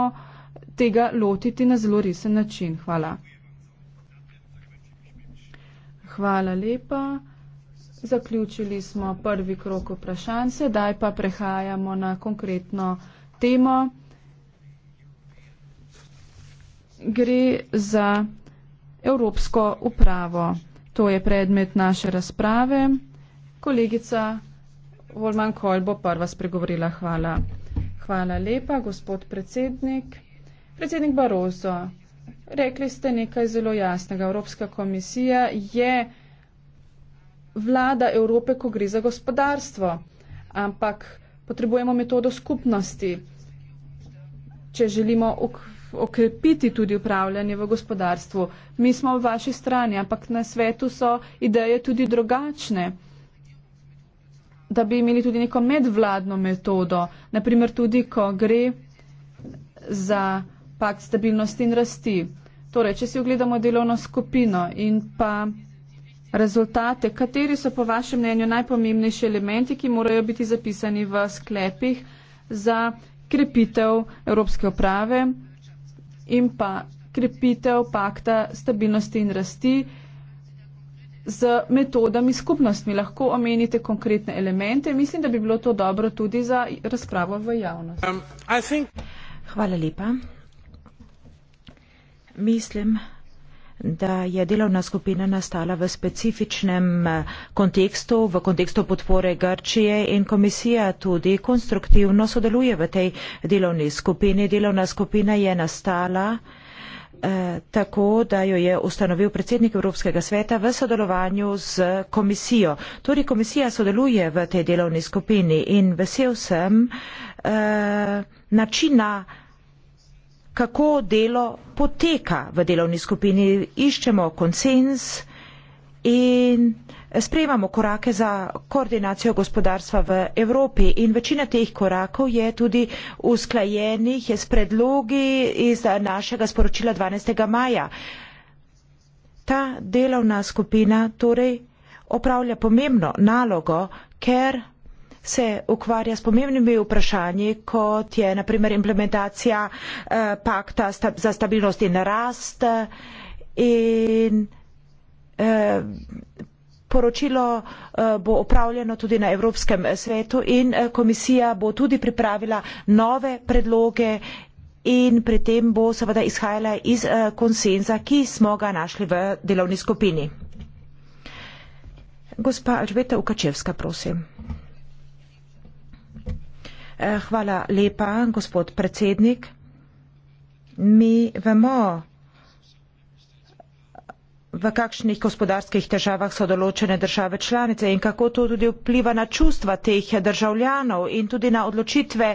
tega lotiti na zelo resen način. Hvala. Hvala lepa. Zaključili smo prvi krok vprašanj, sedaj pa prehajamo na konkretno temo gre za evropsko upravo. To je predmet naše razprave. Kolegica Volman Kolj bo prva spregovorila. Hvala. Hvala lepa, gospod predsednik. Predsednik Barozo, rekli ste nekaj zelo jasnega. Evropska komisija je vlada Evrope, ko gre za gospodarstvo, ampak potrebujemo metodo skupnosti, če želimo ukvarjati okrepiti tudi upravljanje v gospodarstvu. Mi smo v vaši strani, ampak na svetu so ideje tudi drugačne, da bi imeli tudi neko medvladno metodo, naprimer tudi, ko gre za pakt stabilnosti in rasti. Torej, če si ogledamo delovno skupino in pa rezultate, kateri so po vašem mnenju najpomembnejši elementi, ki morajo biti zapisani v sklepih za krepitev Evropske uprave in pa krepitev pakta stabilnosti in rasti z metodami skupnostmi. Lahko omenite konkretne elemente. Mislim, da bi bilo to dobro tudi za razpravo v javnosti. Um, Hvala lepa. Mislim, da je delovna skupina nastala v specifičnem eh, kontekstu, v kontekstu podpore Grčije in komisija tudi konstruktivno sodeluje v tej delovni skupini. Delovna skupina je nastala eh, tako, da jo je ustanovil predsednik Evropskega sveta v sodelovanju z komisijo. Tudi torej, komisija sodeluje v tej delovni skupini in vesel sem eh, načina, kako delo poteka v delovni skupini. Iščemo konsens in sprejemamo korake za koordinacijo gospodarstva v Evropi. In večina teh korakov je tudi usklajenih s predlogi iz našega sporočila 12. maja. Ta delovna skupina torej opravlja pomembno nalogo, ker se ukvarja s pomembnimi vprašanji, kot je naprimer implementacija eh, pakta sta, za stabilnost in rast in eh, Poročilo eh, bo upravljeno tudi na Evropskem svetu in eh, komisija bo tudi pripravila nove predloge in pri tem bo seveda izhajala iz eh, konsenza, ki smo ga našli v delovni skupini. Gospa Alžbeta Ukačevska, prosim. Eh, hvala lepa, gospod predsednik. Mi vemo, v kakšnih gospodarskih težavah so določene države članice in kako to tudi vpliva na čustva teh državljanov in tudi na odločitve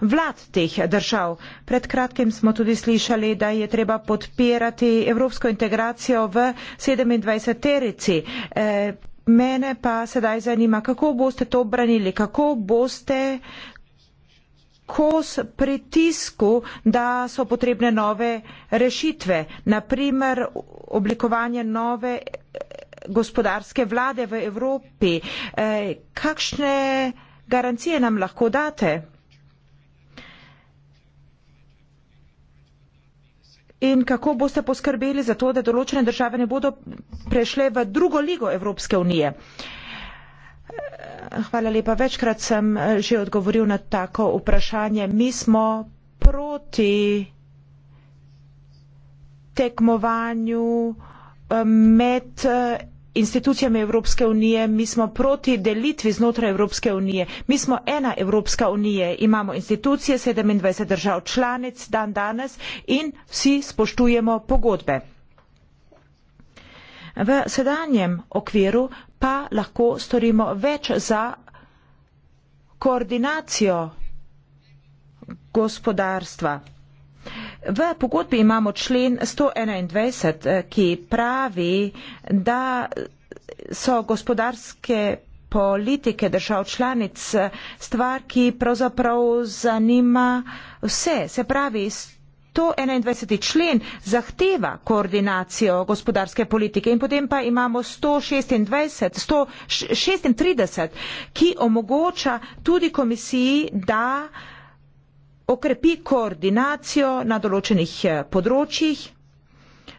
vlad teh držav. Pred kratkim smo tudi slišali, da je treba podpirati evropsko integracijo v 27 terici. Eh, mene pa sedaj zanima, kako boste to obranili, kako boste kos pritisku, da so potrebne nove rešitve, naprimer oblikovanje nove eh, gospodarske vlade v Evropi. Eh, kakšne garancije nam lahko date? In kako boste poskrbeli za to, da določene države ne bodo prešle v drugo ligo Evropske unije? Uh, Hvala lepa. Večkrat sem eh, že odgovoril na tako vprašanje. Mi smo proti tekmovanju eh, med eh, institucijami Evropske unije, mi smo proti delitvi znotraj Evropske unije. Mi smo ena Evropska unija, imamo institucije 27 držav članic dan danes in vsi spoštujemo pogodbe. V sedanjem okviru pa lahko storimo več za koordinacijo gospodarstva. V pogodbi imamo člen 121, ki pravi, da so gospodarske politike držav članic stvar, ki pravzaprav zanima vse. Se pravi, 121. člen zahteva koordinacijo gospodarske politike in potem pa imamo 126, 136, ki omogoča tudi komisiji, da okrepi koordinacijo na določenih eh, področjih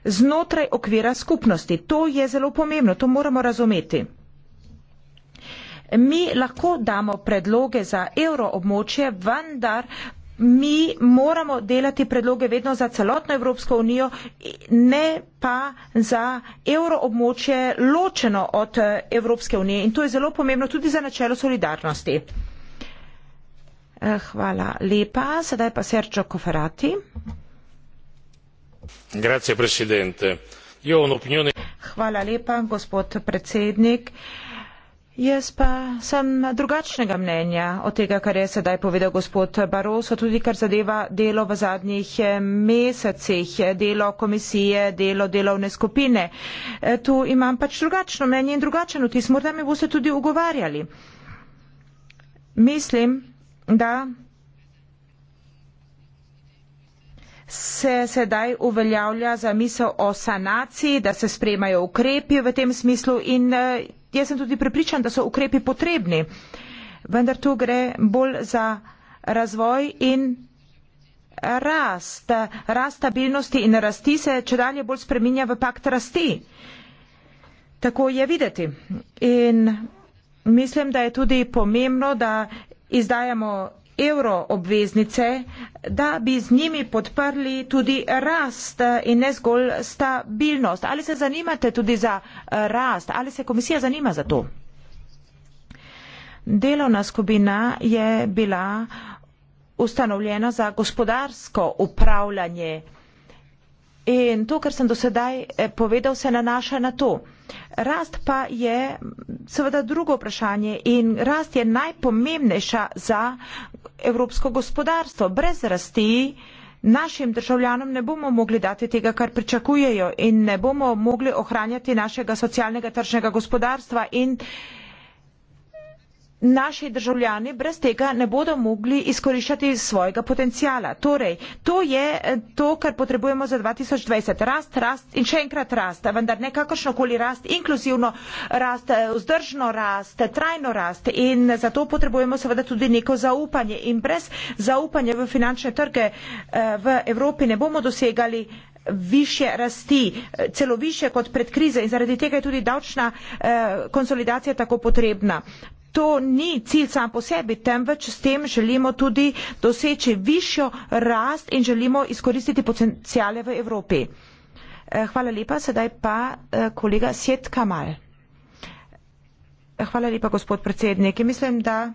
znotraj okvira skupnosti. To je zelo pomembno, to moramo razumeti. Mi lahko damo predloge za evroobmočje, vendar mi moramo delati predloge vedno za celotno Evropsko unijo, ne pa za evroobmočje ločeno od eh, Evropske unije. In to je zelo pomembno tudi za načelo solidarnosti. Eh, hvala lepa. Sedaj pa Sergio Koferati. Grazie, Hvala lepa, gospod predsednik. Uh, Jaz pa sem drugačnega mnenja od tega, kar je sedaj povedal gospod Baroso, tudi kar zadeva delo v zadnjih eh, mesecih, eh, delo komisije, delo delovne skupine. Eh, tu imam pač drugačno mnenje in drugačen vtis. Morda mi boste tudi ugovarjali. Mislim, da se sedaj uveljavlja za misel o sanaciji, da se spremajo ukrepi v tem smislu in eh, jaz sem tudi pripričan, da so ukrepi potrebni. Vendar tu gre bolj za razvoj in rast. Rast stabilnosti in rasti se če dalje bolj spreminja v pakt rasti. Tako je videti. In mislim, da je tudi pomembno, da izdajamo evro obveznice, da bi z njimi podprli tudi rast in ne zgolj stabilnost. Ali se zanimate tudi za eh, rast? Ali se komisija zanima za to? Delovna skupina je bila ustanovljena za gospodarsko upravljanje. In to, kar sem dosedaj eh, povedal, se nanaša na to. Rast pa je seveda drugo vprašanje in rast je najpomembnejša za evropsko gospodarstvo. Brez rasti našim državljanom ne bomo mogli dati tega, kar pričakujejo in ne bomo mogli ohranjati našega socialnega tržnega gospodarstva in naši državljani brez tega ne bodo mogli izkoriščati svojega potencijala. Torej, to je eh, to, kar potrebujemo za 2020. Rast, rast in še enkrat rast, vendar ne kakršnokoli rast, inkluzivno rast, eh, vzdržno rast, trajno rast in zato potrebujemo seveda tudi neko zaupanje in brez zaupanja v finančne trge eh, v Evropi ne bomo dosegali više rasti, celo više kot pred krize in zaradi tega je tudi davčna eh, konsolidacija tako potrebna to ni cilj sam po sebi, temveč s tem želimo tudi doseči višjo rast in želimo izkoristiti potencijale v Evropi. Eh, hvala lepa, sedaj pa eh, kolega Sjet Kamal. Eh, hvala lepa, gospod predsednik. Mislim, da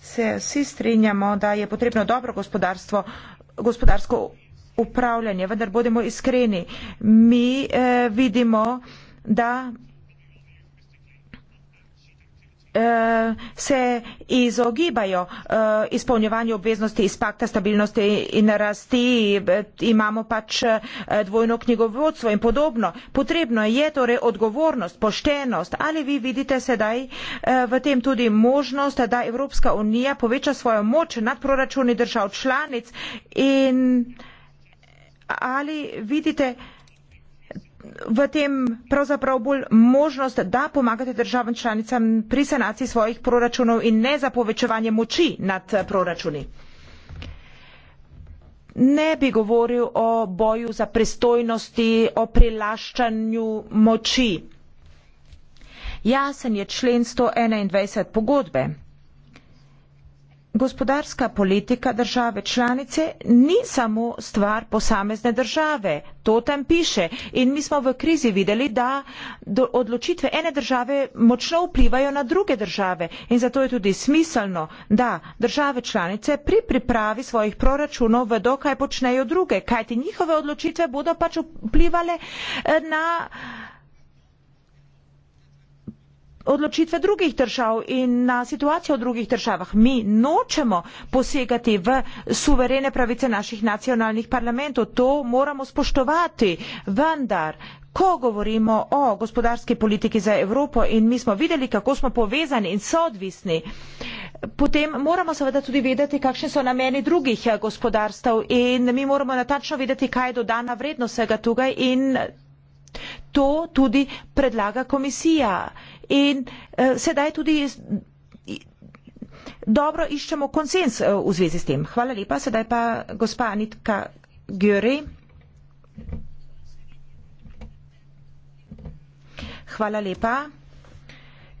se vsi strinjamo, da je potrebno dobro gospodarstvo, gospodarsko upravljanje, vendar bodimo iskreni. Mi eh, vidimo, da Eh, se izogibajo eh, izpolnjevanju obveznosti iz pakta stabilnosti in rasti, imamo pač eh, dvojno knjigovodstvo in podobno. Potrebno je torej odgovornost, poštenost. Ali vi vidite sedaj v tem tudi možnost, da Evropska unija poveča svojo moč nad proračuni držav članic in ali vidite, v tem pravzaprav bolj možnost, da pomagate državam članicam pri sanaciji svojih proračunov in ne za povečevanje moči nad eh, proračuni. Ne bi govoril o boju za pristojnosti, o prilaščanju moči. Jasen je člen 121 pogodbe gospodarska politika države članice ni samo stvar posamezne države. To tam piše. In mi smo v krizi videli, da odločitve ene države močno vplivajo na druge države. In zato je tudi smiselno, da države članice pri pripravi svojih proračunov vedo, kaj počnejo druge, kajti njihove odločitve bodo pač vplivali eh, na odločitve drugih držav in na situacijo v drugih državah. Mi nočemo posegati v suverene pravice naših nacionalnih parlamentov, to moramo spoštovati, vendar. Ko govorimo o gospodarski politiki za Evropo in mi smo videli, kako smo povezani in soodvisni, potem moramo seveda tudi vedeti, kakšni so nameni drugih eh, gospodarstv in mi moramo natačno vedeti, kaj je dodana vrednost vsega tukaj in to tudi predlaga komisija. In uh, sedaj tudi dobro iščemo konsens uh, v zvezi s tem. Hvala lepa. Sedaj pa gospa Anitka Gjöri. Hvala lepa.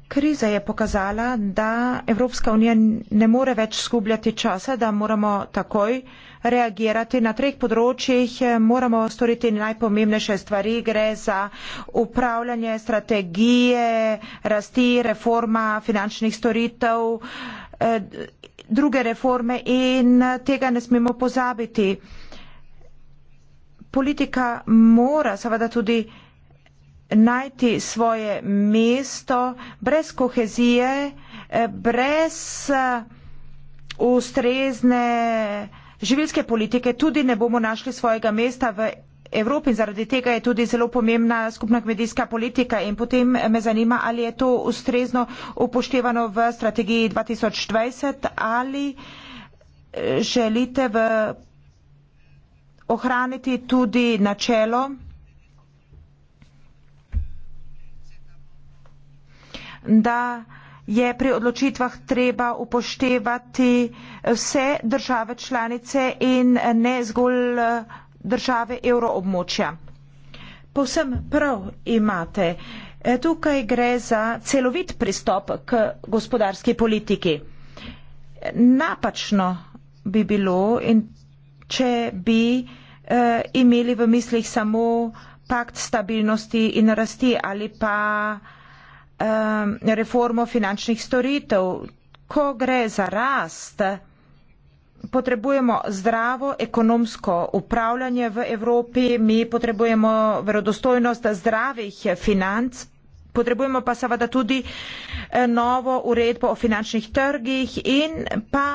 Kriza je pokazala, da Evropska unija ne more več skubljati časa, da moramo takoj reagirati. Na treh področjih eh, moramo storiti najpomembnejše stvari. Gre za upravljanje strategije, rasti, reforma finančnih storitev, eh, druge reforme in tega ne smemo pozabiti. Politika mora seveda tudi najti svoje mesto brez kohezije, eh, brez eh, ustrezne živilske politike, tudi ne bomo našli svojega mesta v Evropi in zaradi tega je tudi zelo pomembna skupna kmedijska politika in potem me zanima, ali je to ustrezno upoštevano v strategiji 2020 ali eh, želite v ohraniti tudi načelo, da je pri odločitvah treba upoštevati vse države članice in ne zgolj eh, države evroobmočja. Povsem prav imate. Eh, tukaj gre za celovit pristop k gospodarski politiki. Napačno bi bilo, če bi eh, imeli v mislih samo pakt stabilnosti in rasti ali pa Um, reformo finančnih storitev. Ko gre za rast, potrebujemo zdravo ekonomsko upravljanje v Evropi, mi potrebujemo verodostojnost zdravih financ. Potrebujemo pa seveda tudi eh, novo uredbo o finančnih trgih in pa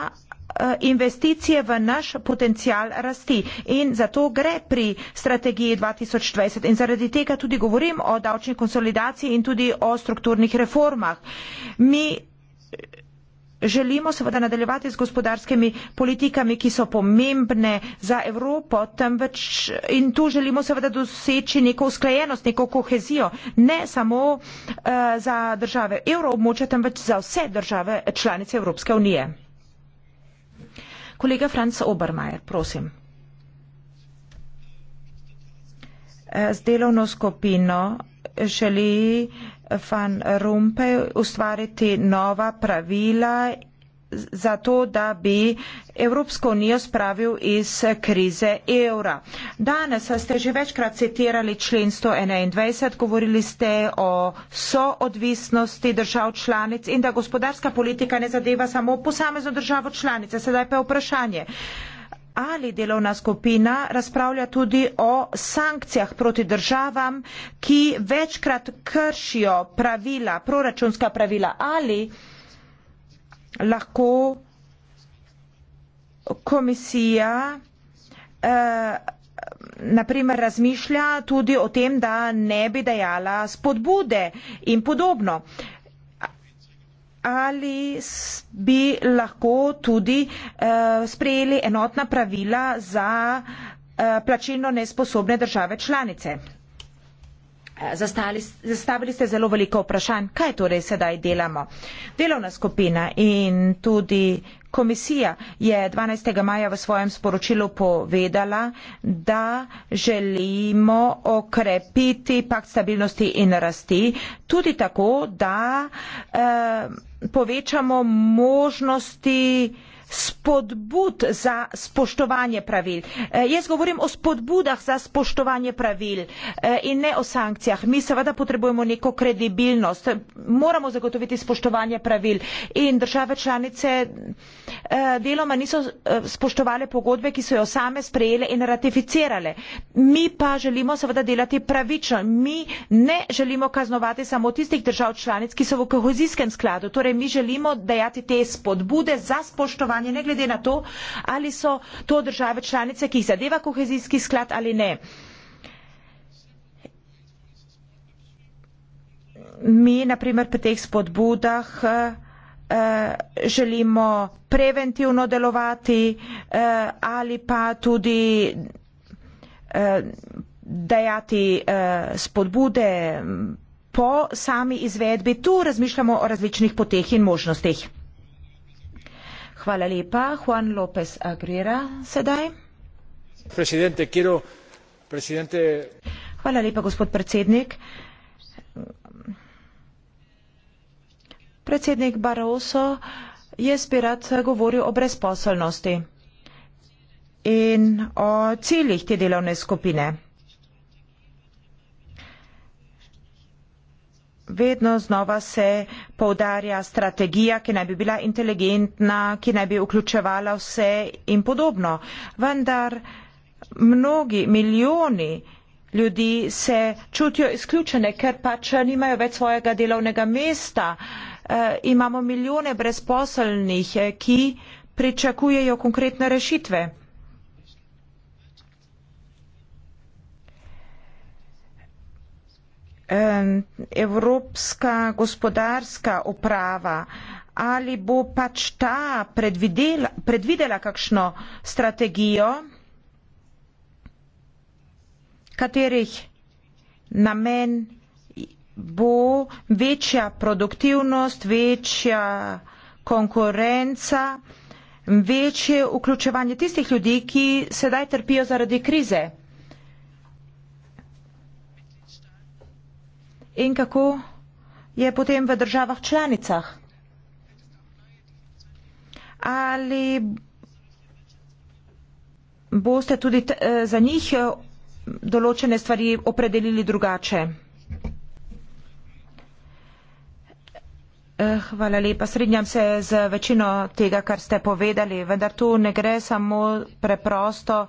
Eh, investicije v naš potencial rasti. In zato gre pri strategiji 2020. In zaradi tega tudi govorim o davčni konsolidaciji in tudi o strukturnih reformah. Mi Želimo seveda nadaljevati z gospodarskimi politikami, ki so pomembne za Evropo, temveč in tu želimo seveda doseči neko usklajenost, neko kohezijo, ne samo uh, za države evroobmoča, temveč za vse države članice Evropske unije. Kolega Franc Obermajer, prosim. E, z delovno skupino želi van Rumpe ustvariti nova pravila zato, da bi Evropsko unijo spravil iz krize evra. Danes ste že večkrat citirali člen 121, govorili ste o soodvisnosti držav članic in da gospodarska politika ne zadeva samo posamezno državo članice. Sedaj pa je vprašanje. Ali delovna skupina razpravlja tudi o sankcijah proti državam, ki večkrat kršijo pravila, proračunska pravila ali lahko komisija uh, eh, naprimer razmišlja tudi o tem, da ne bi dejala spodbude in podobno. Ali bi lahko tudi uh, sprejeli enotna pravila za uh, plačilno nesposobne države članice? Zastali, zastavili ste zelo veliko vprašanj, kaj torej sedaj delamo. Delovna skupina in tudi komisija je 12. maja v svojem sporočilu povedala, da želimo okrepiti pakt stabilnosti in rasti tudi tako, da eh, povečamo možnosti eh, spodbud za spoštovanje pravil. E, jaz govorim o spodbudah za spoštovanje pravil e, in ne o sankcijah. Mi seveda potrebujemo neko kredibilnost, moramo zagotoviti spoštovanje pravil in države članice e, deloma niso spoštovale pogodbe, ki so jo same sprejele in ratificirale. Mi pa želimo seveda delati pravično. Mi ne želimo kaznovati samo tistih držav članic, ki so v kohezijskem skladu. Torej, mi želimo dajati te spodbude za spoštovanje reševanje, ne glede na to, ali so to države članice, ki jih zadeva kohezijski sklad ali ne. Mi, naprimer, pri teh spodbudah eh, želimo preventivno delovati eh, ali pa tudi eh, dajati spodbude po sami izvedbi. Tu razmišljamo o različnih poteh in možnostih. Hvala lepa. Juan López Agrera sedaj. Presidente, quiero, presidente... Hvala lepa, gospod predsednik. Predsednik Barroso, jaz bi rad govoril o brezposelnosti in o ciljih te delovne skupine. vedno znova se poudarja strategija, ki naj bi bila inteligentna, ki naj bi vključevala vse in podobno. Vendar mnogi, milijoni ljudi se čutijo izključene, ker pač nimajo več svojega delovnega mesta. E, imamo milijone brezposelnih, e, ki pričakujejo konkretne rešitve. Evropska gospodarska uprava, ali bo pač ta predvidela, predvidela kakšno strategijo, katerih namen bo večja produktivnost, večja konkurenca, večje vključevanje tistih ljudi, ki sedaj trpijo zaradi krize. In kako je potem v državah članicah? Ali boste tudi eh, za njih eh, določene stvari opredelili drugače? Eh, hvala lepa. Srednjam se z večino tega, kar ste povedali, vendar tu ne gre samo preprosto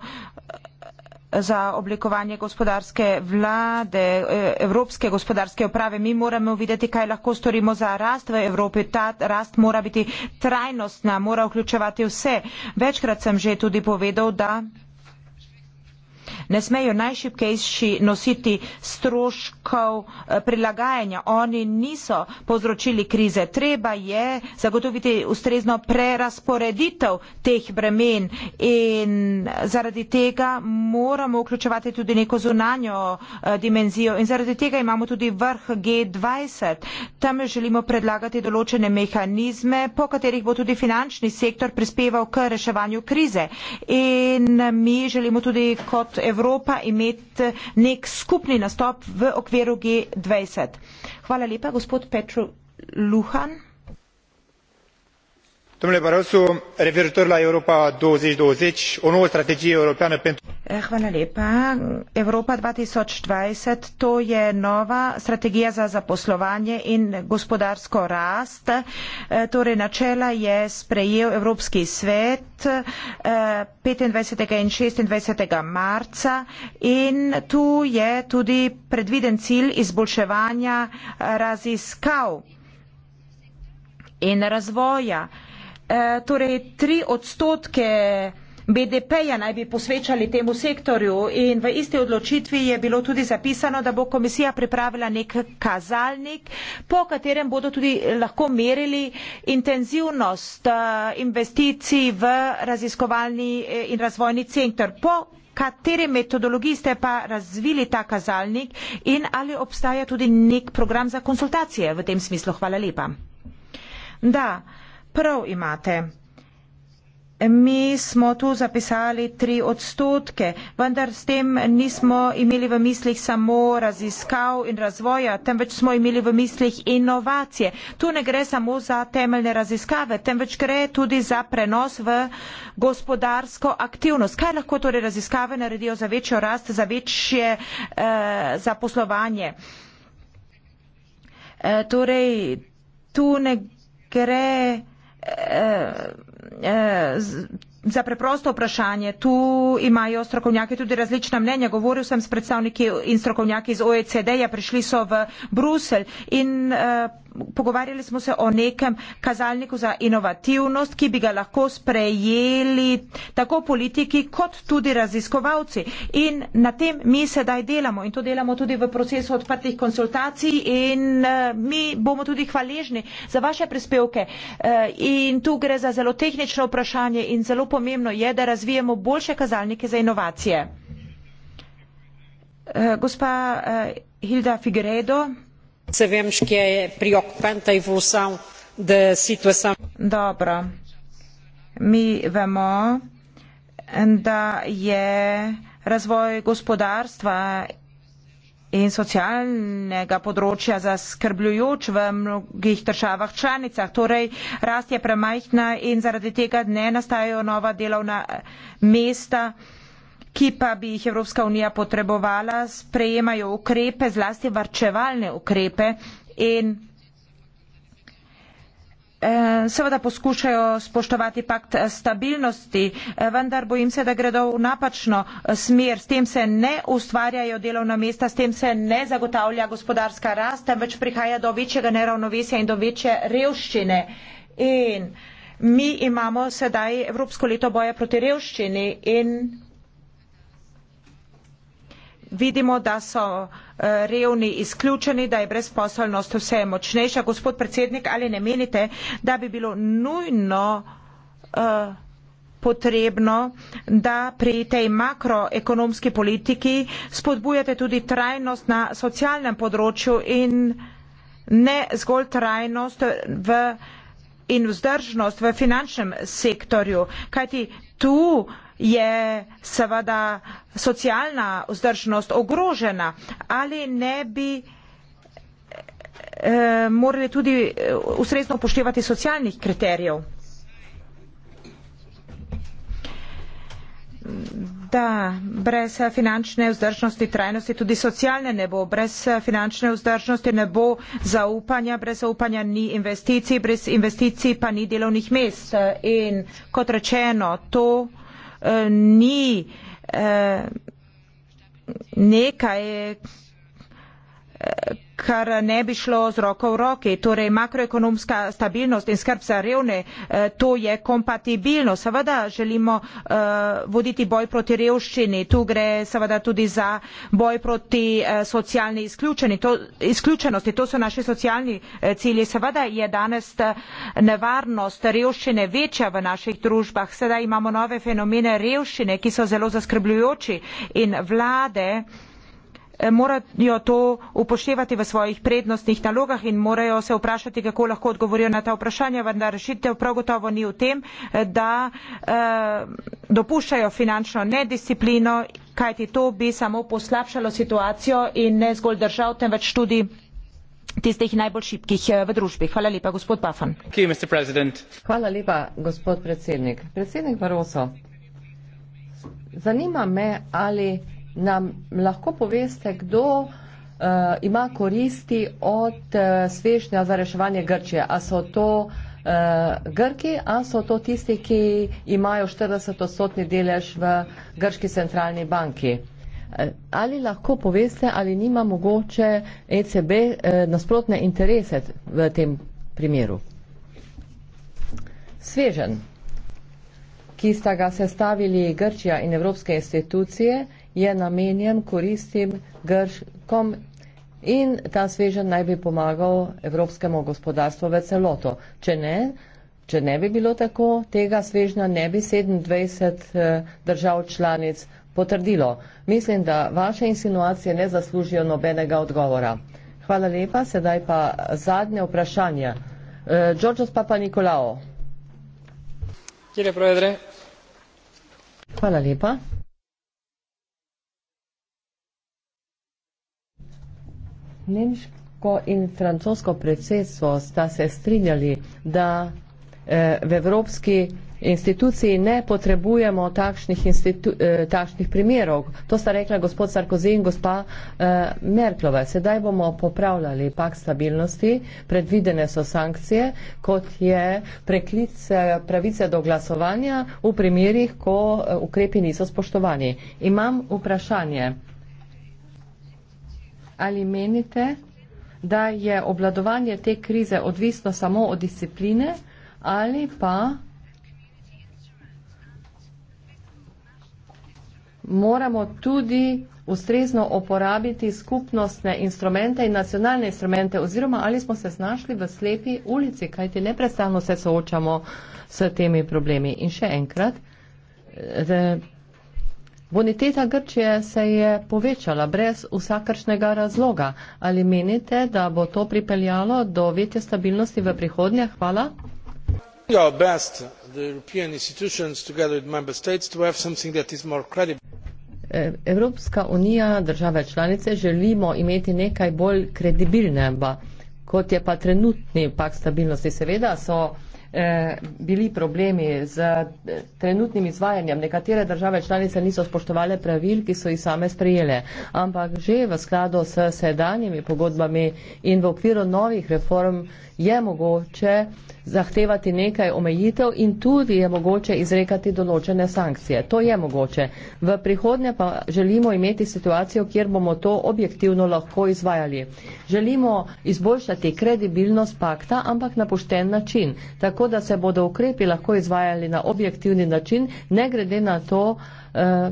za oblikovanje gospodarske vlade, e, evropske gospodarske uprave. Mi moramo videti, kaj lahko storimo za rast v Evropi. Ta rast mora biti trajnostna, mora vključevati vse. Večkrat sem že tudi povedal, da ne smejo najšipkejši nositi stroškov eh, prilagajanja. Oni niso povzročili krize. Treba je zagotoviti ustrezno prerasporeditev teh bremen in zaradi tega moramo vključevati tudi neko zunanjo eh, dimenzijo in zaradi tega imamo tudi vrh G20. Tam želimo predlagati določene mehanizme, po katerih bo tudi finančni sektor prispeval k reševanju krize. In mi želimo tudi kot Evropa, Evropa imeti nek skupni nastop v okviru G20. Hvala lepa, gospod Petru Luhan domnule barroso referitor la europa două mii douăzeci o nouă strategie europeană pentru. europa eh, dva tisoč dvajset to je nova strategija za zaposlovanje in gospodarsko rast eh, torej načela je sprejel evropski svet eh, petindvajsetega in šestindvajsetega marca in tu je tudi predviden cilj izboljševanja raziskav in razvoja. Eh, torej tri odstotke BDP-ja naj bi posvečali temu sektorju in v isti odločitvi je bilo tudi zapisano, da bo komisija pripravila nek kazalnik, po katerem bodo tudi lahko merili intenzivnost eh, investicij v raziskovalni eh, in razvojni centr. Po kateri metodologiji ste pa razvili ta kazalnik in ali obstaja tudi nek program za konsultacije v tem smislu? Hvala lepa. Da. Uh, prav imate. Mi smo tu zapisali tri odstotke, vendar s tem nismo imeli v mislih samo raziskav in razvoja, temveč smo imeli v mislih inovacije. Tu ne gre samo za temeljne raziskave, temveč gre tudi za prenos v gospodarsko aktivnost. Kaj lahko torej raziskave naredijo za večjo rast, za večje eh, zaposlovanje? Eh, torej, tu ne gre eh, eh, z, za preprosto vprašanje. Tu imajo strokovnjaki tudi različna mnenja. Govoril sem s predstavniki in strokovnjaki iz OECD-ja, prišli so v Bruselj in uh, pogovarjali smo se o nekem kazalniku za inovativnost, ki bi ga lahko sprejeli tako politiki kot tudi raziskovalci. In na tem mi sedaj delamo in to delamo tudi v procesu odprtih konsultacij in uh, mi bomo tudi hvaležni za vaše prispevke. Uh, in tu gre za zelo tehnično vprašanje in zelo pomembno je, da razvijemo boljše kazalnike za inovacije. Uh, gospa uh, Hilda Figueredo. Sabemos que é preocupante a evolução da situação. Dobro. Mi vemo, da je razvoj gospodarstva in socialnega področja zaskrbljujoč v mnogih državah članicah. Torej, rast je premajhna in zaradi tega ne nastajajo nova delovna mesta ki pa bi jih Evropska unija potrebovala, sprejemajo ukrepe, zlasti varčevalne ukrepe in Eh, seveda poskušajo spoštovati pakt eh, stabilnosti, eh, vendar bojim se, da gredo v napačno smer. S tem se ne ustvarjajo delovna mesta, s tem se ne zagotavlja gospodarska rast, temveč prihaja do večjega neravnovesja in do večje revščine. In mi imamo sedaj Evropsko leto boja proti revščini in vidimo, da so eh, revni izključeni, da je brezposelnost vse močnejša. Gospod predsednik, ali ne menite, da bi bilo nujno eh, potrebno, da pri tej makroekonomski politiki spodbujate tudi trajnost na socialnem področju in ne zgolj trajnost v in vzdržnost v finančnem sektorju, kajti tu uh, je seveda socialna vzdržnost ogrožena ali ne bi eh, morali tudi eh, ustrezno upoštevati socialnih kriterijev. Da, brez eh, finančne vzdržnosti trajnosti tudi socialne ne bo, brez eh, finančne vzdržnosti ne bo zaupanja, brez zaupanja ni investicij, brez investicij pa ni delovnih mest. In kot rečeno, to Eh, ni eh, nekaj, kar ne bi šlo z roko v roki. Torej makroekonomska stabilnost in skrb za revne, eh, to je kompatibilno. Seveda želimo uh, voditi boj proti revščini, tu gre seveda tudi za boj proti uh, socialni to, izključenosti, to so naši socialni uh, cilji. Seveda je danes nevarnost revščine večja v naših družbah, sedaj imamo nove fenomene revščine, ki so zelo zaskrbljujoči in vlade, uh, Eh, morajo to upoštevati v svojih prednostnih nalogah in morajo se vprašati, kako lahko odgovorijo na ta vprašanja, vendar rešitev prav gotovo ni v tem, eh, da eh, dopuščajo finančno nedisciplino, kajti to bi samo poslabšalo situacijo in ne zgolj držav, temveč tudi tistih najbolj šibkih v družbi. Hvala lepa, gospod Bafan. Hvala lepa, gospod predsednik. Predsednik Varoso, zanima me, ali nam lahko poveste, kdo uh, ima koristi od uh, eh, svešnja za reševanje Grčije? A so to uh, Grki, a so to tisti, ki imajo 40-stotni delež v Grški centralni banki? Ali lahko poveste, ali nima mogoče ECB nasprotne interese v tem primeru? Svežen, ki sta ga sestavili Grčija in evropske institucije, je namenjen koristim Grškom in ta svežen naj bi pomagal evropskemu gospodarstvu v celoto. Če ne, če ne bi bilo tako, tega svežna ne bi 27 eh, držav članic potrdilo. Mislim, da vaše insinuacije ne zaslužijo nobenega odgovora. Hvala lepa, sedaj pa zadnje vprašanje. Džočos eh, Papa Nikolao. Kjer je provedre? Hvala lepa. Nemško in francosko predsedstvo sta se strinjali, da eh, v Evropski instituciji ne potrebujemo takšnih, institu, eh, takšnih primerov. To sta rekla gospod Sarkozy in gospa eh, Merklova. Sedaj bomo popravljali pak stabilnosti, predvidene so sankcije, kot je preklic eh, pravice do glasovanja v primerih, ko eh, ukrepi niso spoštovani. Imam vprašanje ali menite, da je obladovanje te krize odvisno samo od discipline ali pa moramo tudi ustrezno uporabiti skupnostne instrumente in nacionalne instrumente oziroma ali smo se znašli v slepi ulici, kajti neprestano se soočamo s temi problemi. In še enkrat, eh, Boniteta Grčije se je povečala brez vsakršnega razloga. Ali menite, da bo to pripeljalo do večje stabilnosti v prihodnje? Hvala. E, Evropska unija, države članice želimo imeti nekaj bolj kredibilnega, kot je pa trenutni pak stabilnosti. Seveda so Eh, bili problemi z eh, trenutnim izvajanjem. Nekatere države članice niso spoštovale pravil, ki so jih same sprejele, ampak že v skladu s sedanjimi pogodbami in v okviru novih reform je mogoče zahtevati nekaj omejitev in tudi je mogoče izrekati določene sankcije. To je mogoče. V prihodnje pa želimo imeti situacijo, kjer bomo to objektivno lahko izvajali. Želimo izboljšati kredibilnost pakta, ampak na pošten način. Tako tako, da se bodo ukrepi lahko izvajali na objektivni način, ne glede na to, eh,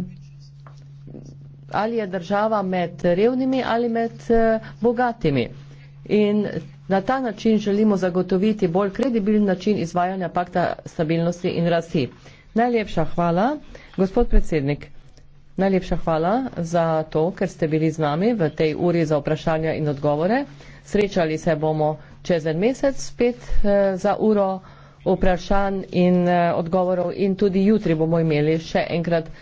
ali je država med revnimi ali med eh, bogatimi. In na ta način želimo zagotoviti bolj kredibilen način izvajanja pakta stabilnosti in rasti. Najlepša hvala, gospod predsednik. Najlepša hvala za to, ker ste bili z nami v tej uri za vprašanja in odgovore. Srečali se bomo čez en mesec spet eh, za uro vprašanj in eh, odgovorov in tudi jutri bomo imeli še enkrat